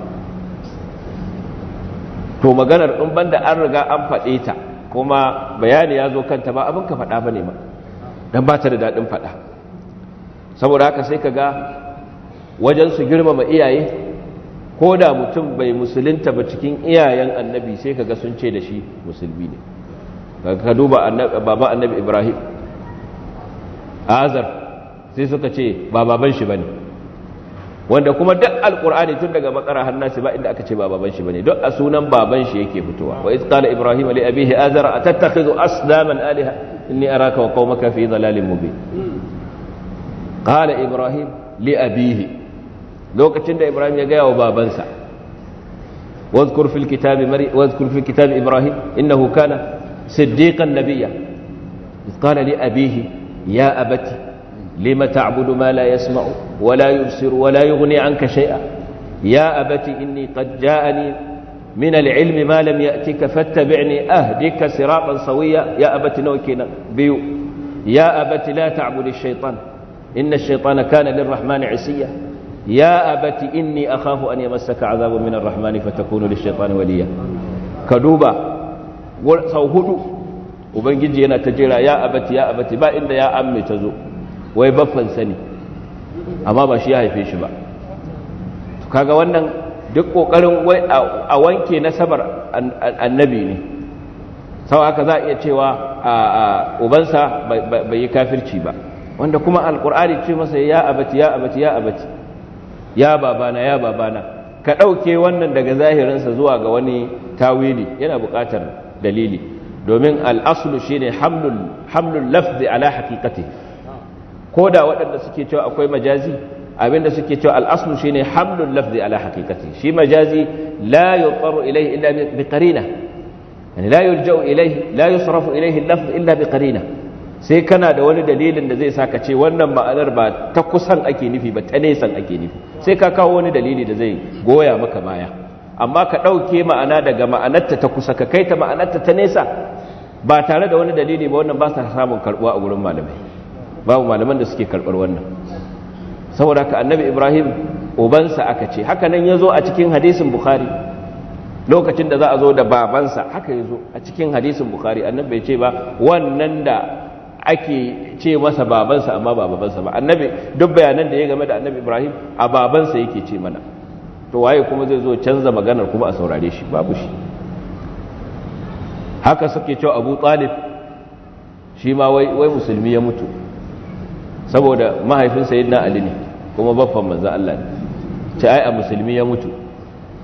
Speaker 1: to maganar in banda an riga an faɗe ta kuma bayani ya zo kanta ba abin ka faɗa ba ne ma don ba ta da daɗin faɗa saboda haka sai ka ga wajen su girmama iyaye ko da mutum bai musulunta ba cikin iyayen annabi sai ka ga sun ce da shi musulmi ne ka duba baba annabi ibrahim azar sai suka ce ba baban shi bane wanda kuma duk alqur'ani tun daga makara har nasi ba inda aka ce ba baban shi bane duk a sunan baban shi yake fitowa wa iz qala ibrahim li abihi azar atattakhidhu asnaman alaha inni araka wa qaumaka fi dhalalin mubin qala ibrahim li abihi lokacin da ibrahim ya gaya wa babansa واذكر في الكتاب مري واذكر في الكتاب ابراهيم انه كان صديقا نبيا إذ قال لأبيه يا أبت لم تعبد ما لا يسمع ولا يبصر ولا يغني عنك شيئا يا أبت إني قد جاءني من العلم ما لم يأتك فاتبعني أهدك صراطا سويا يا أبت نوكينا بيو يا أبت لا تعبد الشيطان إن الشيطان كان للرحمن عسيا يا أبت إني أخاف أن يمسك عذاب من الرحمن فتكون للشيطان وليا كدوبا sau hudu ubangiji yana ta jira ya abati ya abati ba inda ya amme ta zo wai baffan sani amma ba shi ya haife shi ba kaga wannan duk kokarin wai a wanke nasabar annabi ne sau haka za a iya cewa ubansa bai yi kafirci ba wanda kuma alkur'ani ce masa ya abati ya abati ya abati ya babana ya babana ka ɗauke wannan daga zahirinsa zuwa ga wani tawili yana buƙatar dalili domin al'asulu shine hamlul lafzi ala haqiqati ko da waɗanda suke cewa akwai majazi abinda suke cewa al'asulu shine hamlul lafzi ala haqiqati shi majazi la yuqaru ilayhi illa bi qarina yani la yulja'u ilayhi la yusrafu ilayhi al-lafz illa bi sai kana da wani dalilin da zai saka ce wannan ma'anar ba ta kusan ake nufi ba ta nesan ake nufi sai ka kawo wani dalili da zai goya maka baya amma ka ɗauke ma'ana daga ma'anarta ta kusa ka kai ta ma'anarta ta nesa ba tare da wani dalili ba wannan ba sa samun karɓuwa a gurin malamai babu malaman da suke karɓar wannan saboda ka annabi ibrahim ubansa aka ce haka nan ya zo a cikin hadisin bukhari lokacin da za a zo da babansa haka ya zo a cikin hadisin bukhari annabi ya ce ba wannan da ake ce masa babansa amma ba babansa ba annabi duk bayanan da ya game da annabi ibrahim a babansa yake ce mana to waye kuma zai zo canza maganar kuma a saurare shi babu shi haka suke cewa abu talib shi ma wai musulmi ya mutu saboda mahaifinsa yi ali ne kuma baffan manzan Allah ne ce ai a musulmi ya mutu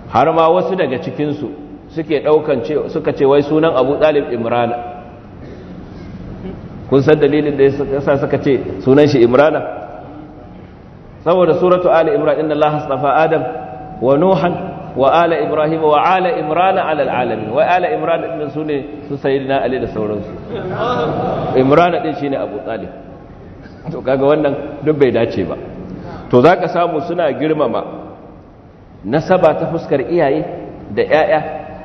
Speaker 1: har ma wasu daga cikinsu suke ɗaukan suka ce wai sunan abu talib imrana kun san dalilin da ya suka ce sunan shi imrana saboda suratu ali imran inna allaha astafa adam wa nuhan wa ala ibrahim wa ala imran ala alamin wa ala imran din su ne su sayyidina ali da sauransu imran din shine abu talib to kaga wannan duk bai dace ba to zaka samu suna girmama nasaba ta fuskar iyaye da 'ya'ya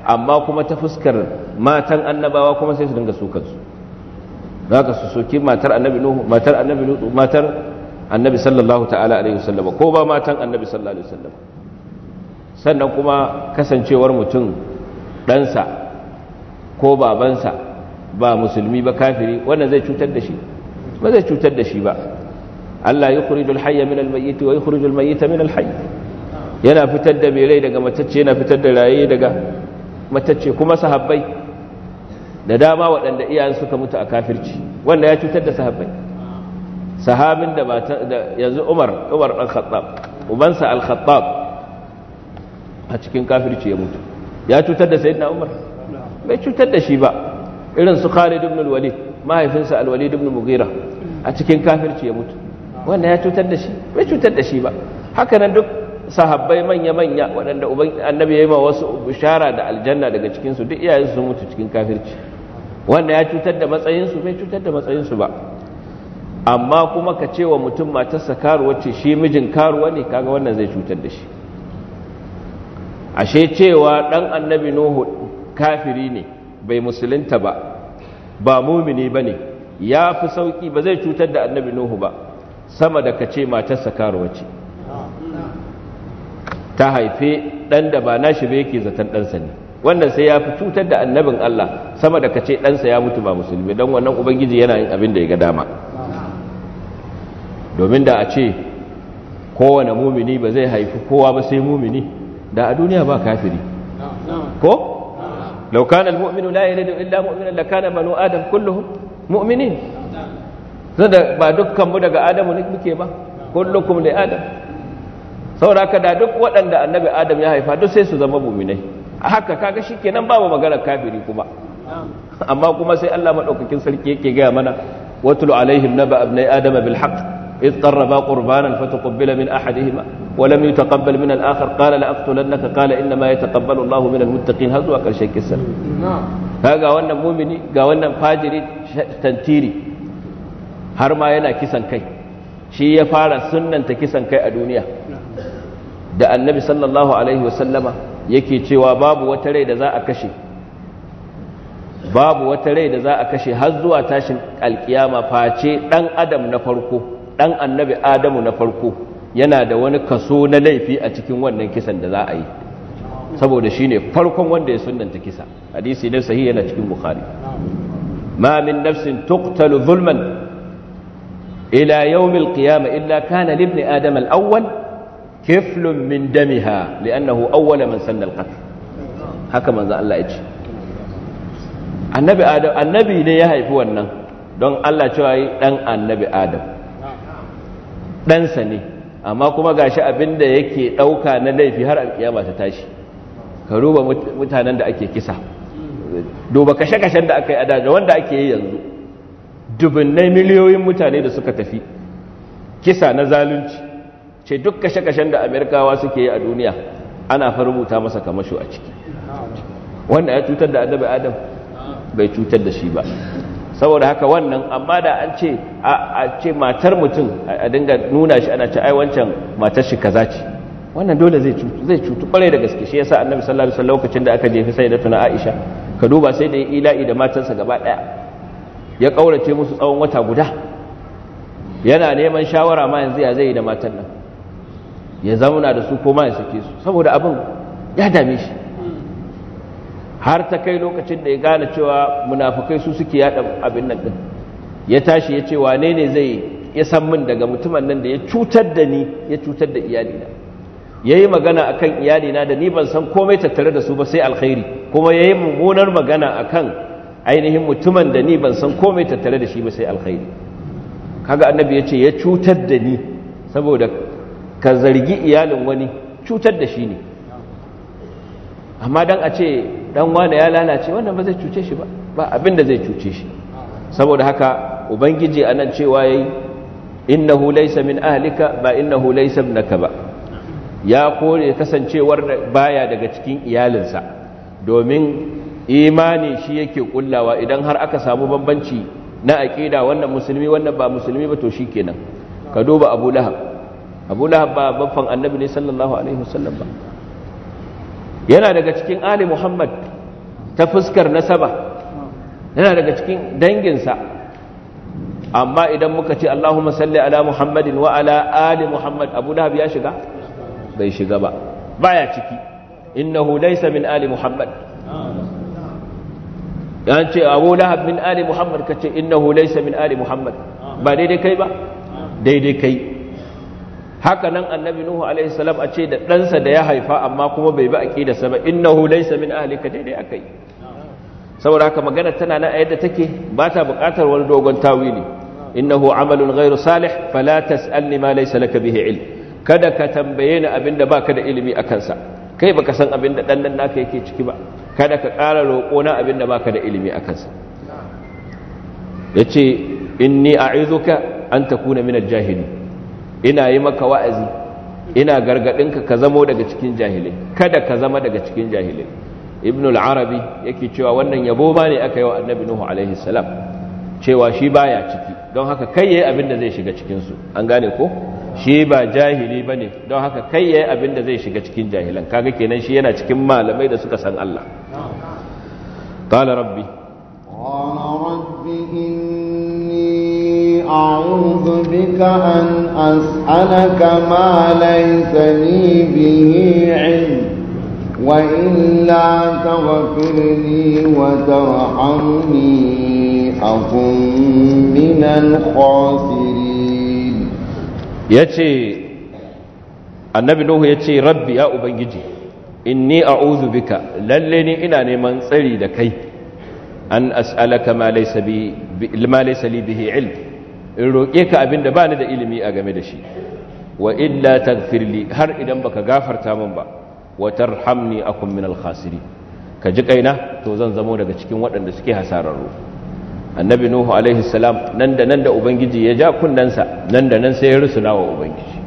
Speaker 1: amma kuma ta fuskar matan annabawa kuma sai su dinga sukansu zaka su soki matar annabi nuhu matar annabi lutu matar annabi sallallahu ko ba matan annabi sannan kuma kasancewar mutum ɗansa ko babansa ba musulmi ba kafiri wannan zai cutar da shi ba zai cutar da shi ba Allah ya kuri hayya min almayyiti wa ya kuri mayyita min alhayy yana fitar da mai rai daga matacce yana fitar da raye daga matacce kuma sahabbai da dama waɗanda iyayen suka mutu a kafirci wanda ya cutar da sahabbai sahabin da yanzu umar umar ɗan khattab ubansa al-khattab a cikin kafirci ya mutu ya cutar da sayyidina umar bai cutar da shi ba irin su khalid ibn al-walid mahaifinsa al-walid ibn mughira a cikin kafirci ya mutu wannan ya cutar da shi bai cutar da shi ba haka nan duk sahabbai manya-manya waɗanda annabi ya yi ma wasu bishara da aljanna daga cikinsu duk iyayensu sun mutu cikin kafirci wanda ya cutar da matsayinsu bai cutar da matsayinsu ba amma kuma ka ce wa mutum matarsa karuwa ce shi mijin karuwa ne kaga wannan zai cutar da shi ashe cewa ɗan annabi nuhu kafiri ne bai musulunta ba ba mumini ba ne ya fi sauƙi ba zai cutar da annabi nuhu ba sama da ka ce matarsa karuwa ce ta haife ɗan da ba nashi ba yake zaton ɗansa ne wannan sai ya fi cutar da annabin Allah sama da ka ce ɗansa ya mutu ba musulmi don wannan ubangiji yana yin abin da ya ga dama domin da a ce kowane mumini ba zai haifi kowa ba sai mumini da a duniya ba kafiri ko لو كان المؤمن لا يلد إلا مؤمنا لكان بنو آدم كلهم مؤمنين da ba mu daga adamu ne muke ba kullukum li adam saboda da duk waɗanda annabi adam ya haifa duk sai su zama mu'minai haka kaga shikenan babu magana kafiri kuma amma kuma sai Allah madaukakin sarki yake ga mana watul alaihim naba abnai adam bil haqq إذ قربا قربانا فتقبل من أحدهما ولم يتقبل من الآخر قال لأقتلنك قال إنما يتقبل الله من المتقين هذا وكل شيء كسر هذا وانا مؤمني قاوانا فاجري تنتيري هرما ينا كسن كي شي يفعل سنة كسن كي الدنيا da annabi sallallahu alaihi wasallama yake cewa babu wata rai da za a kashe babu wata rai da za a kashe har zuwa tashin alkiyama face dan adam na farko dan annabi adamu na farko yana da wani kaso na laifi a cikin wannan kisan da za a yi saboda shine farkon wanda ya sunanta kisa hadisi ne sahihi yana cikin bukhari ma min nafsin tuqtalu zulman ila yawm alqiyama illa kana li ibn adam alawwal kiflun min damiha li'annahu awwala man sanna alqatl haka manzo Allah ya ce annabi adam annabi ne ya haifi wannan don Allah cewa dan annabi adam ɗansa ne amma kuma gashi abin da yake ɗauka na laifi har alƙiyama ta tashi ka ruba mutanen da ake kisa duba kashe-kashen da aka yi adada wanda ake yi yanzu dubinnai miliyoyin mutane da suka tafi kisa na zalunci ce duk kashe-kashen da amerikawa suke yi a duniya ana farubuta masa kamasho a ciki wanda ya cutar da adam bai cutar da shi ba saboda haka wannan amma da an ce a ce matar mutum a dinga nuna shi ana ci ai wancan matar shi kaza ce wannan dole zai cutu zai cutu kwarai da gaske shi yasa annabi sallallahu alaihi wasallam lokacin da aka jefi sai da tuna Aisha ka duba sai da ila'i da matansa gaba daya ya kaurace musu tsawon wata guda yana neman shawara ma yanzu ya zai da matan nan ya zauna da su ko ma ya sake su saboda abin ya dame shi har ta kai lokacin da ya gane cewa munafukai su suke yada abin nan din ya tashi ya ce wane ne zai ya san min daga mutumin nan da ya cutar da ni ya cutar da iyalina ya yi magana a kan na da ni ban san komai tattare da su ba sai alkhairi kuma ya yi mummunar magana a kan ainihin mutumin da ni ban san komai tattare da shi ba sai alkhairi kaga annabi ya ce ya cutar da ni saboda ka zargi iyalin wani cutar da shi ne amma dan a ce dan wanda ya lalace wannan ba zai cuce shi ba ba abin da zai cuce shi saboda haka ubangiji anan cewa yayi innahu laysa min ahlika ba innahu laysa ibnaka ba ya kore kasancewar baya daga cikin iyalinsa domin imani shi yake kullawa idan har aka samu bambanci na aqida wannan musulmi wannan ba musulmi ba to shikenan ka duba abu lahab abu lahab ba babban annabi ne sallallahu alaihi wasallam ba yana daga cikin ali muhammad ta fuskar nasaba yana daga cikin danginsa amma idan muka ce allahumma salli ala muhammadin wa ala ali muhammad abu lahab ya shiga bai shiga ba baya ciki innahu laysa min ali muhammad yan ce abu lahab min ali muhammad kace innahu laysa min ali muhammad ba daidai kai ba daidai kai haka nan annabi nuhu alaihi salam a ce da ɗansa da ya haifa amma kuma bai bi aqidarsa ba innahu laysa min ahlika daidai akai saboda haka magana tana nan a yadda take ba ta buƙatar wani dogon tawili innahu amalun ghairu salih fala tas'alni ma laysa laka bihi ilm kada ka tambaye ni abinda baka da ilimi akan sa kai baka san abinda dan nan naka yake ciki ba kada ka ƙara roƙo na abinda baka da ilimi akan sa yace inni a'idhuka an takuna min al-jahilin ina yi maka wa'azi ina gargaɗinka ka zamo daga cikin jahilai kada ka zama daga cikin jahilai ibn al’arabi yake cewa wannan yabo ba ne aka yi wa annabi nuhu alaihi salam cewa shi baya ciki don haka kai yayi abin da zai shiga cikinsu an gane ko shi ba jahili ba ne don haka kai yayi abin da zai shiga cikin jahilan kaga kenan shi yana cikin malamai da suka san Allah qala rabbi
Speaker 2: أعوذ بك أن أسألك ما ليس لي به علم وإلا تغفر لي وترحمني أكن من الخاسرين
Speaker 1: يتي النبي نوح يتي ربي يا أبنجي إني أعوذ بك للني إنا نمن سري لكي أن أسألك ما ليس, بي ما ليس لي به علم in roƙe ka abin da ba ni da ilimi a game da shi wa illa tagfirli har idan baka gafarta min ba wa tarhamni akun min khasiri ka ji kaina to zan zamo daga cikin waɗanda suke hasararru annabi nuhu alaihi salam nan da nan da ubangiji ya ja kunnensa nan da nan sai ya rusuna wa ubangiji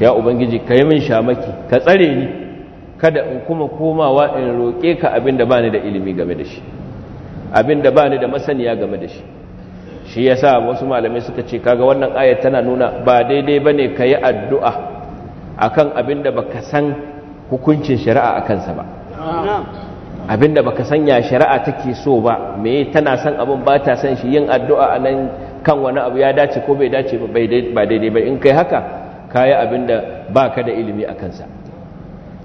Speaker 1: ya ubangiji ka yi min shamaki ka tsare ni kada in kuma komawa in roƙe ka abin da ba ni da ilimi game da shi abin da ba ni da masaniya game da shi shi ya sa wasu malamai suka ce kaga wannan ayat tana nuna ba daidai ba ne ka yi addu'a a da abinda ka san hukuncin shari'a a kansa ba abinda ka san ya shari'a take so ba me tana san abin ba ta san shi yin addu'a a nan kan wani abu ya dace ko bai dace ba daidai ba in kai haka ka abinda abin da ilimi a kansa.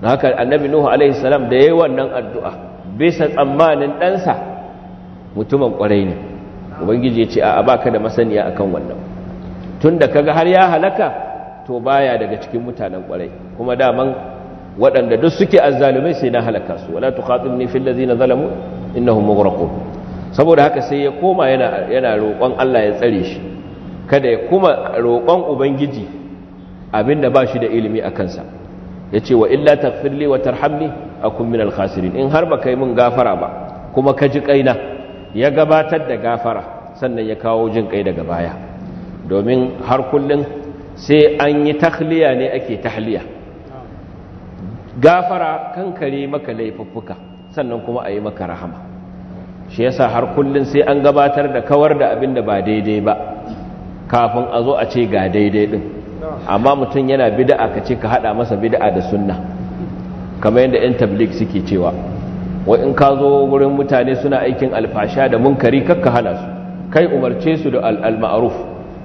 Speaker 1: na haka annabi nuhu alaihi salam da yayi wannan addu'a bisa tsammanin ɗansa mutumin ƙwarai ne ubangiji ya ce a baka da masaniya akan wannan tun da kaga har ya halaka to baya daga cikin mutanen kwarai kuma daman waɗanda duk suke azzalumai sai na halaka su wala tuqatilni fil ladina zalamu innahum mughraqun saboda haka sai ya koma yana yana roƙon Allah ya tsare shi kada ya kuma roƙon ubangiji abinda ba shi da ilimi a kansa ya ce wa illa taghfirli wa tarhamni akun min khasirin in har baka yi min gafara ba kuma ka ji kaina ya gabatar da gafara sannan ya kawo jin kai daga baya domin har kullum sai an yi tahliya ne ake tahliya gafara kankare maka laifuffuka sannan kuma a yi maka rahama shi yasa har kullun sai an gabatar da kawar da abin da ba daidai ba kafin a zo a ce ga daidai din amma mutum yana bid'a ka ce ka hada masa bid'a da sunna kamar yadda 'yan tablik suke cewa wai in ka zo wurin mutane suna aikin alfasha da munkari kakka hana su kai umarce su da al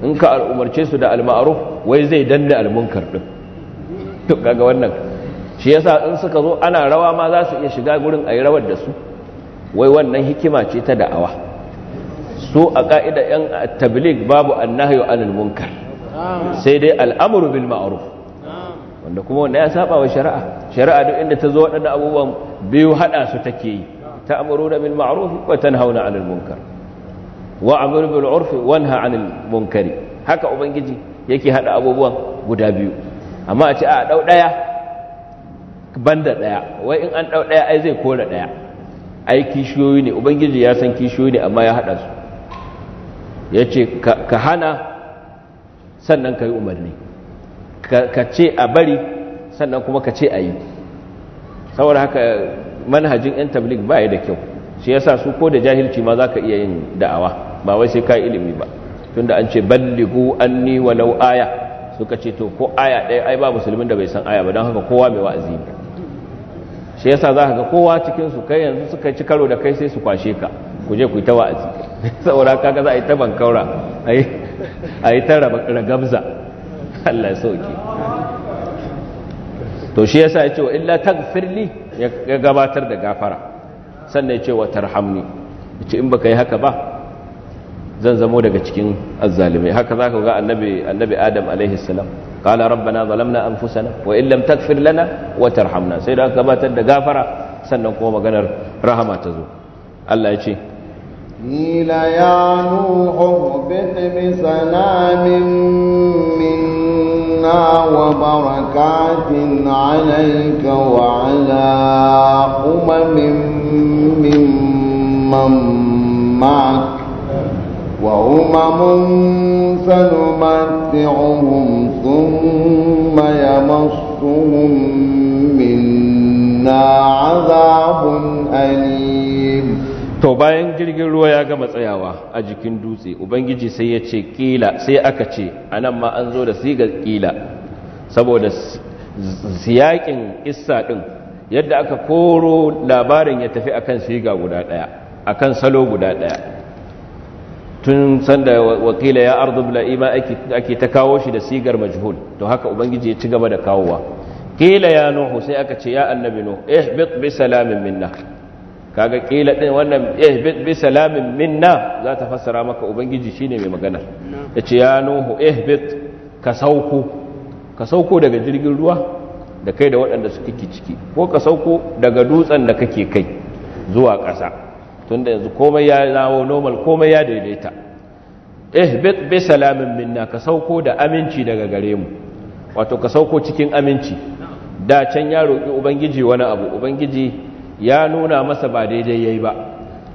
Speaker 1: in ka umarce su da al wai zai danda almunkar ɗin. din to wannan shi yasa in suka zo ana rawa ma za su iya shiga a ayi rawar da su wai wannan hikima ce ta da'awa so a ƙa'ida yan tabligh babu annahyu anil munkar sai dai al'amuru bil ma'aruf. wanda kuma wanda ya saba wa shari'a shari'a duk inda ta zo waɗanda abubuwan biyu haɗa su take yi ta amuru da bil ma'ruf wa tanhauna 'anil munkar wa amuru bil 'urfi wa nha 'anil munkari haka ubangiji yake haɗa abubuwan guda biyu amma a ce a dau daya banda ɗaya. wai in an ɗau ɗaya ai zai kora ɗaya. ai kishiyoyi ne ubangiji ya san kishiyoyi ne amma ya haɗa su yace ka hana sannan yi umarni ka ce a bari sannan kuma ka ce a yi saboda haka manhajin 'yan tablik ba yi da kyau shi yasa su ko da jahilci ma za ka iya yin da'awa ba wai sai ka ilimi ba tunda an ce balligu anni walau aya suka ce to ko aya ɗaya ai ba musulmin da bai san aya ba don haka kowa mai wa'azi ne shi yasa za ka ga kowa cikinsu kai yanzu suka ci karo da kai sai su kwashe ka ku je ku yi ta wa'azi [LAUGHS] saboda za a yi ta bankaura a yi ta ragamza Allah ya sauke to shi yasa ya ce wa illa tagfirli ya gabatar da gafara sannan ya ce wa tarhamni ya ce in baka yi haka ba zan zamo daga cikin azzalimai haka zaka ga annabi annabi adam alaihi salam qala rabbana zalamna anfusana wa illam tagfir lana wa tarhamna sai da gabatar da gafara sannan kuma maganar rahama ta zo Allah ya ce
Speaker 2: ya يا نوح اهبط بسلام منا وبركات عليك وعلى أمم ممن معك وأمم سنمتعهم ثم يمصهم
Speaker 1: منا
Speaker 2: عذاب
Speaker 1: أليم to bayan jirgin ruwa ya gama tsayawa a jikin dutse ubangiji sai ya ce kila sai aka ce a nan ma an zo da sigar kila saboda siyakin issa ɗin yadda aka koro labarin ya tafi akan siga guda ɗaya akan salo guda ɗaya tun sanda wakila ya ardu bla'ima ake ta kawo shi da sigar majhul to haka ubangiji ya ci gaba da kawowa kila ya nuhu sai aka ce ya annabi nuhu ihbit bi salamin minna kaga kila din wannan eh bi salamin minna za ta fassara maka ubangiji shine mai magana yace ya nuhu ihbit ka sauko ka sauko daga jirgin ruwa da kai da waɗanda su kike ciki ko ka sauko daga dutsen da kake kai zuwa ƙasa tunda yanzu komai ya zawo normal komai ya daidaita Eh ihbit bi salamin minna ka sauko da aminci daga gare mu wato ka sauko cikin aminci da can ya roki ubangiji wani abu ubangiji ya nuna masa ba daidai yayi ba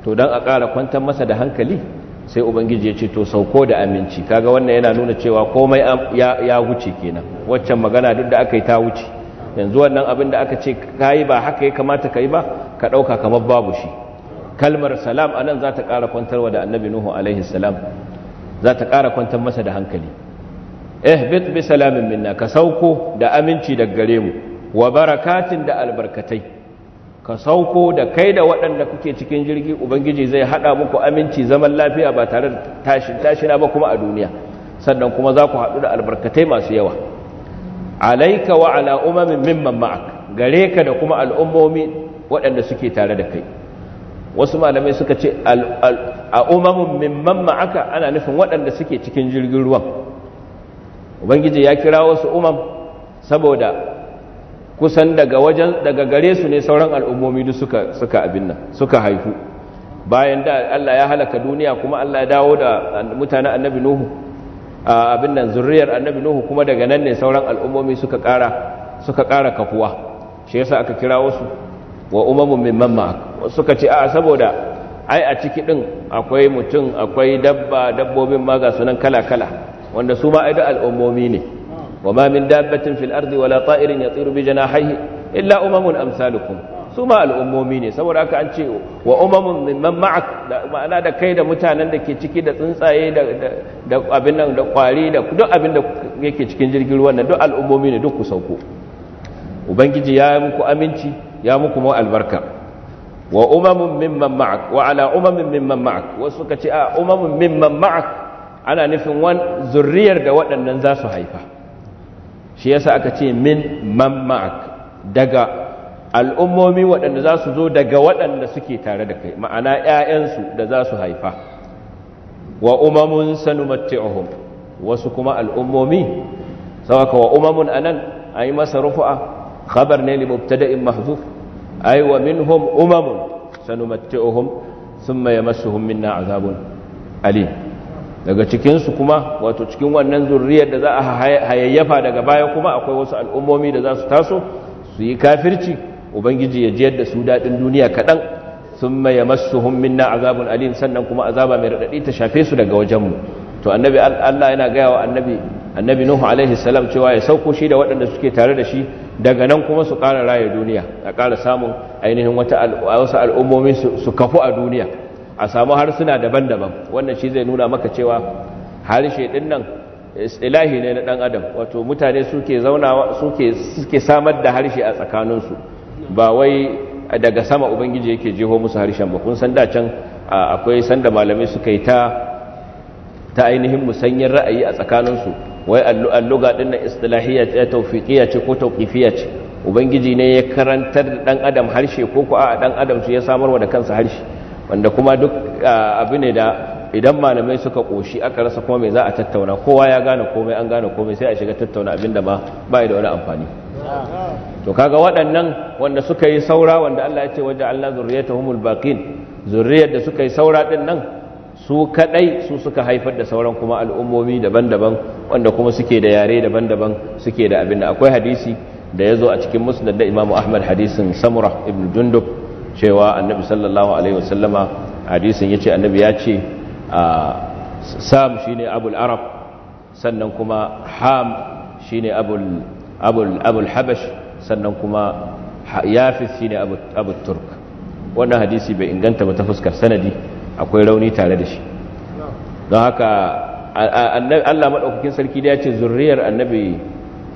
Speaker 1: to don a ƙara kwantar masa da hankali sai ubangiji ya ce to sauko da aminci kaga wannan yana nuna cewa komai ya wuce kenan waccan magana duk da aka yi ta wuce yanzu wannan abin da aka ce kayi ba haka ya kamata kayi ba ka ɗauka kamar babu shi kalmar salam anan za ta ƙara kwantarwa da annabi nuhu alaihi salam za ta ƙara kwantar masa da hankali eh bit bi salamin minna ka sauko da aminci daga gare mu wa barakatin da albarkatai ka sauko da kai da waɗanda kuke cikin jirgi ubangiji zai haɗa muku aminci zaman lafiya ba tare da tashin tashina ba kuma a duniya sannan kuma za ku haɗu da albarkatai masu yawa alaika wa al'ummomin mimman ma'ak gare ka da kuma al'ummomi waɗanda suke tare da kai wasu malamai suka ce a mimman ma'aka ana nufin waɗanda suke cikin jirgin ruwan ubangiji ya kira wasu umam saboda kusan daga wajen daga gare su ne sauran al'ummomi duk suka suka abin nan suka haifu bayan da Allah ya halaka duniya kuma Allah ya dawo da mutanen annabi nuhu abin nan zuriyar annabi nuhu kuma daga nan ne sauran al'ummomi suka ƙara suka ƙara kafuwa shi yasa aka kira wasu wa umamun min mamma, suka ce a saboda ai a ciki din akwai mutum akwai dabba dabbobin ma ga sunan kala kala wanda su ma ai da al'ummomi ne وما من دابة في الأرض ولا طائر يطير بجناحيه إلا أمم أمثالكم ثم الأمومين سورة كأنشي وأمم من من معك أنا دا كيدا متانا دا كيشكي دا تنساي دا دا أبنا دا قوالي دا دا أبنا دا كيشكي جلقل وانا دا الأمومين دا كسوكو وبنجي يا مكو أمنتي يا مكو مو البركة wa umamun mimman ma'ak wa ala umamin mimman ma'ak wasu ka ce a umamun mimman ma'ak ana nufin wan zurriyar da waɗannan za su haifa shi yasa aka ce min man ma'ak daga al'ummomi waɗanda za su zo daga waɗanda suke tare da kai ma'ana 'ya'yansu da za su haifa wa umamun sanumatti'uhum wasu kuma al'ummomi sawaka wa umamun anan yi masa rufu'a khabar ne li mahzu mahzuf ay wa minhum umamun sanumatti'uhum masu yamassuhum na azabun alim daga cikinsu kuma wato cikin wannan zurriyar da za a hayayyafa daga baya kuma akwai wasu al'ummomi da za su taso su yi kafirci ubangiji ya jiyar da su daɗin duniya kaɗan sun maye masu minna azabun alim sannan kuma azaba mai raɗaɗi ta shafe su daga wajenmu to annabi allah yana gaya wa annabi annabi nuhu alaihi salam cewa ya sauko shi da waɗanda suke tare da shi daga nan kuma su ƙara raya duniya a ƙara samun ainihin wata wasu al'ummomi su kafu a duniya a samu harsuna daban-daban wannan shi zai nuna maka cewa harshe din nan ilahi ne na dan adam wato mutane suke zaunawa suke suke samar da harshe a tsakaninsu ba wai daga sama ubangiji yake jeho musu harshen ba kun san da can akwai sanda malamai suka yi ta ta ainihin musanyar ra'ayi a tsakaninsu wai alluga din nan istilahiyya ce tawfiqiyya ce ko tawqifiyya ce ubangiji ne ya karantar da dan adam harshe ko ko a dan adam su ya samarwa da kansa harshe wanda kuma duk abu ne da idan malamai suka koshi aka rasa kuma mai za a tattauna kowa ya gane komai an gane komai sai a shiga tattauna abin da ma ba da wani amfani to kaga waɗannan wanda suka yi saura wanda Allah ya ce waje Allah humul baqin zurriyar da suka yi saura din nan su kadai su suka haifar da sauran kuma al'ummomi daban-daban wanda kuma suke da yare daban-daban suke da abin da akwai hadisi da ya zo a cikin musnad da Imam Ahmad hadisin Samurah ibn dundub cewa annabi sallallahu alaihi wasallama hadisin yace annabi ya ce sam shine abul arab sannan kuma ham shine abul abul abul habash sannan kuma yafis shine abul turk wannan hadisi bai inganta ba ta fuskar sanadi akwai rauni tare da shi don haka Allah madaukakin sarki da ya ce zurriyar annabi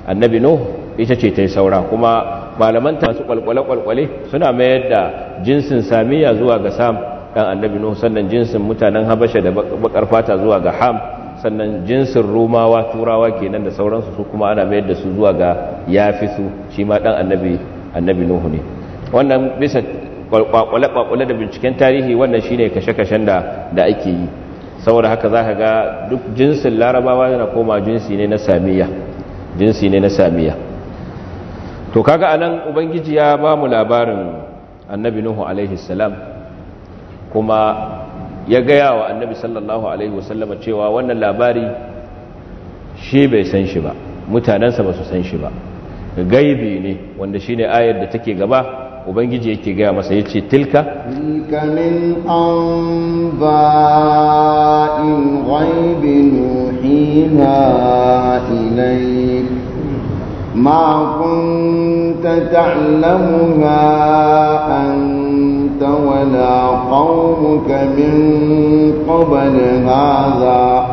Speaker 1: annabi nuh ita ce ta yi saura kuma malaman ta su kwalkwale-kwalkwale suna mayar da jinsin samiya zuwa ga sam dan annabi nuhu sannan jinsin mutanen habasha da bakar fata zuwa ga ham sannan jinsin romawa turawa kenan da sauransu su kuma ana mayar da su zuwa ga yafisu shi ma dan annabi annabi nuhu ne wannan bisa kwalkwale-kwalkwale da binciken tarihi wannan shine kashe-kashen da da ake yi saboda haka zaka ga duk jinsin larabawa yana koma jinsi ne na samiya jinsi ne na samiya to kaga anan ubangiji ya ba mu labarin annabi nuhu alaihi salam kuma ya gaya wa annabi sallallahu alaihi wasallam cewa wannan labari shi bai san shi ba mutanansa ba su san shi ba gaibi ne wanda shine ayar da take gaba ubangiji yake gaya masa yace tilka
Speaker 2: tilka min in ghaibi nuhiha ilayka ما كنت تعلمها أنت ولا قومك من قبل هذا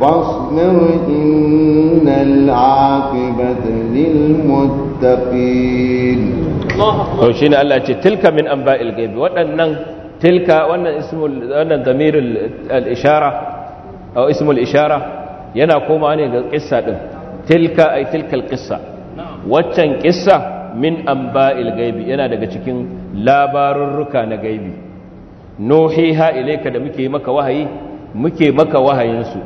Speaker 2: فاصبر إن العاقبة للمتقين
Speaker 1: to ne Allah ce tilka min anba'il gaibi waɗannan tilka wannan ismul wannan damirul ishara ismul ishara yana koma ne ga ƙissa din tilka ay tilkal qissa waccan qissa min amba'il gaibi yana daga cikin labarurruka na gaibi nuhiha ilayka da muke maka wahayi muke maka wahayin su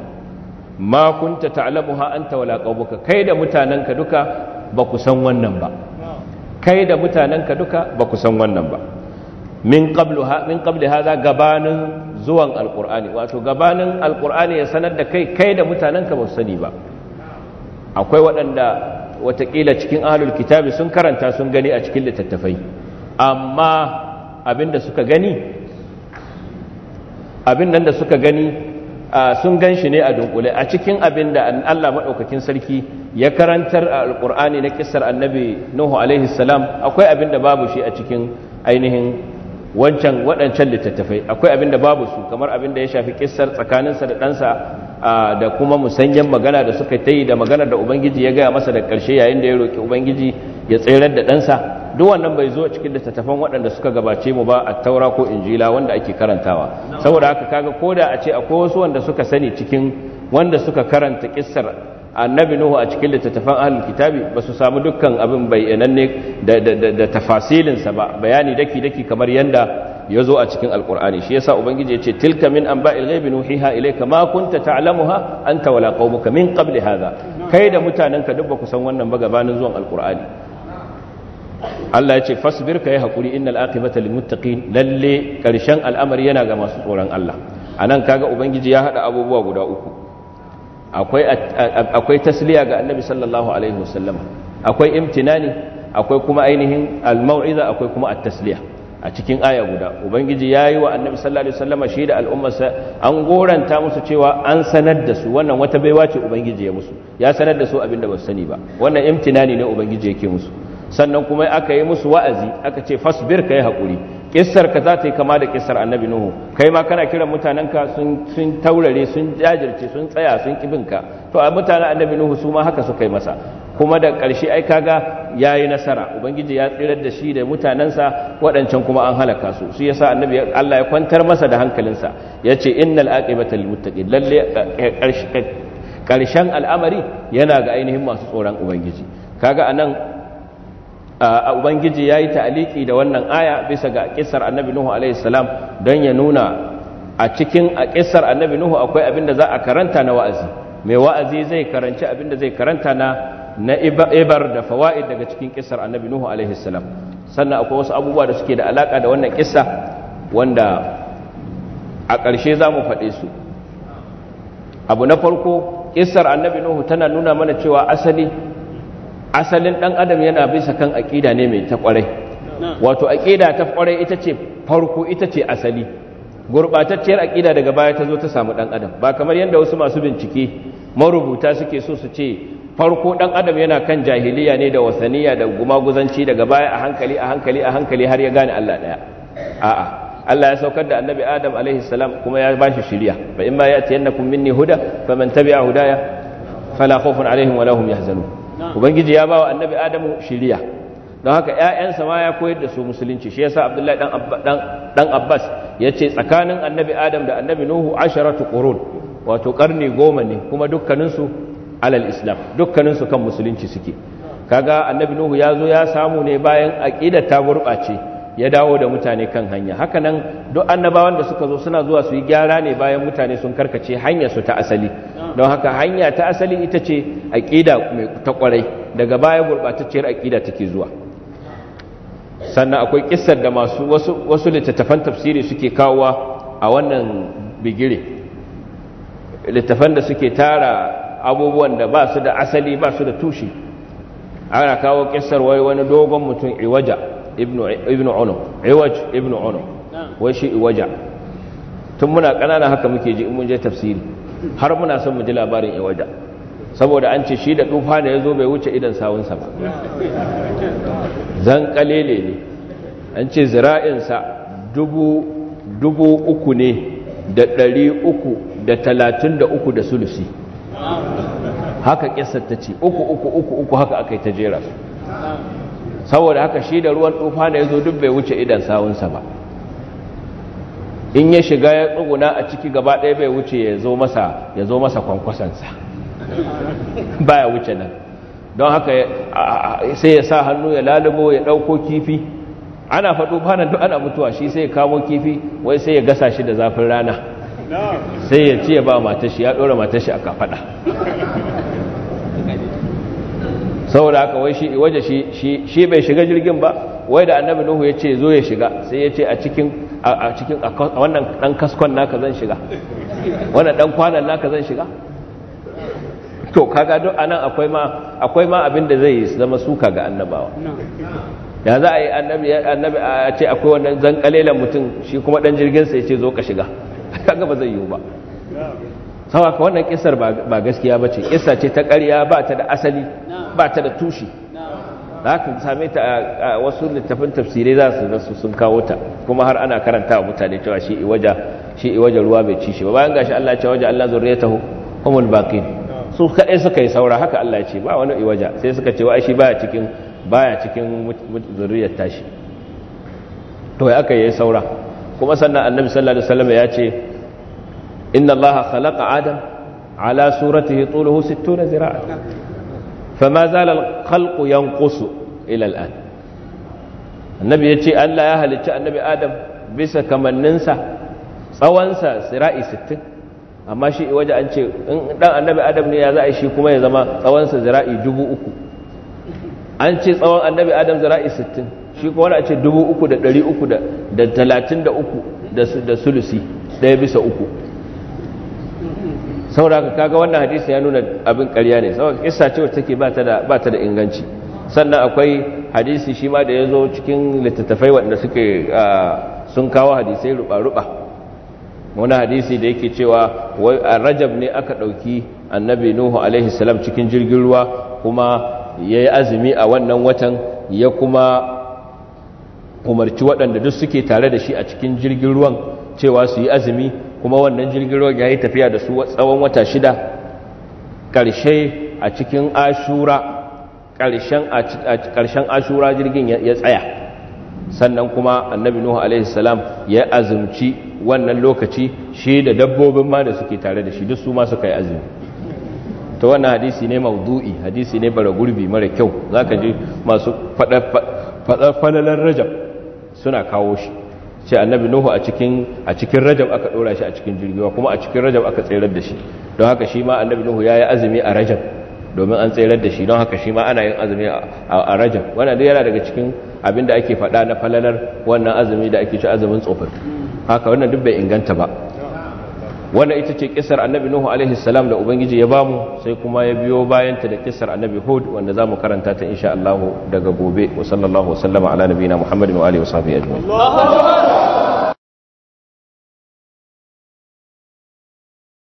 Speaker 1: ma kunta ta'lamuha anta wala qaumuka kai da mutananka duka ba ku san wannan ba kai da mutananka duka ba ku san wannan ba min qabluha min qabli hadha gabanin zuwan alqur'ani wato gabanin alqur'ani ya sanar da kai kai da mutananka ba su sani ba akwai waɗanda watakila cikin ahlul kitabi sun karanta sun gani a cikin littattafai amma abinda suka gani abin nan da suka gani sun gan shi ne a dunkule a cikin abin da Allah maɗaukakin sarki ya karantar a alƙur'ani na kisar annabi Nuhu alaihi salam akwai abin da babu shi a cikin ainihin wancan waɗancan littattafai akwai abin da babu su kamar abin da ya shafi kisar tsakaninsa da ɗansa da kuma musanyen magana da suka ta yi da magana da ubangiji ya gaya masa da ƙarshe yayin da ya roƙi ubangiji ya tsirar da ɗansa duk wannan bai zo cikin tattafan waɗanda suka gabace mu ba a taura ko injila wanda ake karantawa saboda haka kaga ko da a ce akwai wasu wanda suka sani cikin wanda suka karanta kissar annabi nuhu a cikin littattafan ahlul kitabi ba su samu dukkan abin bayyananne da da tafasilin ba bayani daki daki kamar yadda. ya zo a cikin alkur'ani shi yasa ubangiji ya ce tilka min anba'il ghaibi nuhiha ilayka ma kunta ta'lamuha anta wala qaumuka min qabli hadha kai da mutanen duk ba ku san wannan ba zuwan alkur'ani Allah ya ce fasbir ka hakuri innal aqibata lil muttaqin lalle karshen al'amari yana ga masu tsoron Allah anan kaga ubangiji ya hada abubuwa guda uku akwai akwai tasliya ga annabi sallallahu alaihi wasallam akwai imtinani akwai kuma ainihin al-mau'iza akwai kuma at-tasliya a cikin aya guda ubangiji ya yi wa annabi sallallahu alaihi wasallama shi da al'ummarsa an goranta musu cewa an sanar da su wannan wata baiwa ce ubangiji ya musu ya sanar da su abin da ba su sani ba wannan imtinani ne ubangiji yake musu sannan kuma aka yi musu wa'azi aka ce fasbir kai hakuri kissar ka za ta yi kama da kissar annabi nuhu kai ma kana kiran mutanenka sun sun taurare sun jajirce sun tsaya sun kibinka to a mutanen annabi nuhu su ma haka suka yi masa kuma da ƙarshe ai kaga yayi nasara ubangiji ya tsirar da shi da mutanansa waɗancan kuma an halaka su su yasa annabi Allah ya kwantar masa da hankalinsa yace innal aqibata lil muttaqin lalle ƙarshen al'amari yana ga ainihin masu tsoron ubangiji kaga anan a ubangiji yayi ta'aliki da wannan aya bisa ga kissar annabi nuhu alaihi salam don ya nuna a cikin a kissar annabi nuhu akwai abin da za a karanta na wa'azi mai wa'azi zai karanci abinda zai karanta na na ibar da fawaid daga cikin kisar annabi nuhu alaihi sannan akwai wasu abubuwa da suke da alaƙa da wannan kisa wanda a ƙarshe za mu faɗe su abu na farko kisar annabi nuhu tana nuna mana cewa asali asalin ɗan adam yana bisa kan aƙida ne mai ta ƙwarai wato aƙida ta ƙwarai ita ce farko ita ce asali gurɓatacciyar aƙida daga baya ta zo ta samu ɗan adam ba kamar yadda wasu masu bincike marubuta suke so su ce farko dan adam yana kan jahiliya ne da wasaniya da gumaguzanci daga baya a hankali a hankali a hankali har ya gane Allah daya a'a Allah ya saukar da annabi Adam alaihi salam kuma ya bashi shiriya fa in ma yatiyannakum minni huda faman tabi'a hudaya fala khawfun alaihim wala hum yahzanun ubangiji ya bawa annabi Adam shiriya don haka ƴaƴansa ma ya koyar da su musulunci shi yasa Abdullahi dan dan Abbas yace tsakanin annabi Adam da annabi Nuhu asharatu qurun wato ƙarni goma ne kuma dukkaninsu alal islam dukkaninsu kan musulunci suke kaga annabi nuhu ya zo ya samu ne bayan aƙida ta gurɓace ya dawo da mutane kan hanya Haka nan duk annabawan da suka zo suna zuwa su yi gyara ne bayan mutane sun karkace hanya su ta asali don haka hanya ta asali ita ce aƙida mai ta ƙwarai daga baya gurɓatacciyar aƙida take zuwa sannan akwai kissar da masu wasu littattafan tafsiri suke kawowa a wannan bigire littafan da suke tara abubuwan da ba su da asali ba su da tushe ana kawo kisar wai wani dogon mutum iwaja Ibn ono iwaj Ibn ono wai shi iwaja tun muna ƙanana haka muke ji in mun je tafsiri har muna son mu ji labarin iwaja saboda an ce shi da tufa da ya zo bai wuce idan sawunsa ba zan kalele ne an ce zira'insa dubu uku ne da ɗari uku da talatin da uku da sulusi haka kisar ta ce uku uku uku uku haka aka yi ta jera su saboda haka shi da ruwan tufa da ya zo duk bai wuce idan sawunsa ba in ya shiga ya tsuguna a ciki gaba ɗaya bai wuce ya zo masa kwankwasansa ba ya wuce nan don haka sai ya sa hannu ya lalubo ya ɗauko kifi ana faɗo fana duk ana mutuwa shi sai ya kamo kifi wai sai ya gasa shi da zafin rana sai ya ce ba matashi ya ɗora matashi a kafaɗa saboda haka wai waje shi shi bai shiga jirgin ba wai da annabi nuhu ya ce zo ya shiga sai ya ce a cikin a cikin wannan ɗan kaskon naka zan shiga wannan ɗan kwanan naka zan shiga to kaga duk anan akwai ma akwai ma abin da zai zama suka ga annabawa ya za a yi annabi a ce akwai wannan zan ƙalilan mutum shi kuma ɗan jirgin sa ya ce zo ka shiga [LAUGHS] kaga ba zai yiwu ba sawa ka wannan kisar ba gaskiya ba ce kisa ce ta ƙarya ba ta da asali ba ta da tushe za ka same ta a wasu littafin tafsirai za su zasu sun kawo ta kuma har ana karanta wa mutane cewa shi iwaja shi iwaja ruwa bai ci shi ba bayan gashi Allah ya ce waje Allah zurriyatahu umul baqin su kadai suka yi saura haka Allah ya ce ba wani iwaja sai suka ce wai shi baya cikin baya cikin zurriyar tashi to ya aka yi saura kuma sannan annabi sallallahu alaihi wasallam ya ce inna allaha khalaqa adam ala suratihi tuluhu 60 zira'a fama zala al-khalqu yanqusu ila al annabi ya ce Allah ya halicci annabi adam bisa kamanninsa tsawonsa zira'i 60 amma shi waje an ce in dan annabi adam ne ya za a shi kuma ya zama tsawonsa zira'i 3000 an ce tsawon annabi adam zira'i 60 shi kuma wani a ce 3,333 da sulusi ɗaya bisa uku saboda kaga wannan hadisi ya nuna abin karya ne saboda kissa ce wacce take ba ta da inganci sannan akwai hadisi shi ma da ya zo cikin littattafai waɗanda suke sun kawo hadisai ruɓa-ruɓa wani hadisi da yake cewa wai a rajab ne aka ɗauki annabi nuhu alaihi salam cikin jirgin ruwa kuma ya yi azumi a wannan watan ya kuma umarci waɗanda duk suke tare da shi a cikin jirgin ruwan cewa su yi azumi kuma wannan jirgin ruwan ya yi tafiya da su tsawon wata shida ƙarshe a cikin ashura ƙarshen ashura jirgin ya tsaya sannan kuma annabi nuhu alaihi salam ya azumci wannan lokaci shi da dabbobin ma da suke tare da shi duk su ma suka yi azumi ta wannan hadisi ne maudu'i hadisi ne bara gurbi mara kyau za ka ji masu faɗar falalar rajab suna kawo shi ce annabi nuhu a cikin a cikin rajab aka dora shi a cikin jirgiwa kuma a cikin rajab aka tsayar da shi don haka shi ma annabi nuhu yayi azumi a rajab domin an tsayar da shi don haka shi ma ana yin azumi a rajab wannan yana daga cikin abinda da ake faɗa na falalar wannan azumi da ake ci azumin tsofaffi haka wannan duk bai inganta ba wannan ita ce kisar annabi nuhu alaihi salam da ubangiji ya bamu sai kuma ya biyo bayanta da kisar annabi hud wanda zamu karanta ta insha Allah daga gobe wa sallallahu wasallama ala
Speaker 3: nabiyina muhammadin wa alihi wa sahbihi ajma'in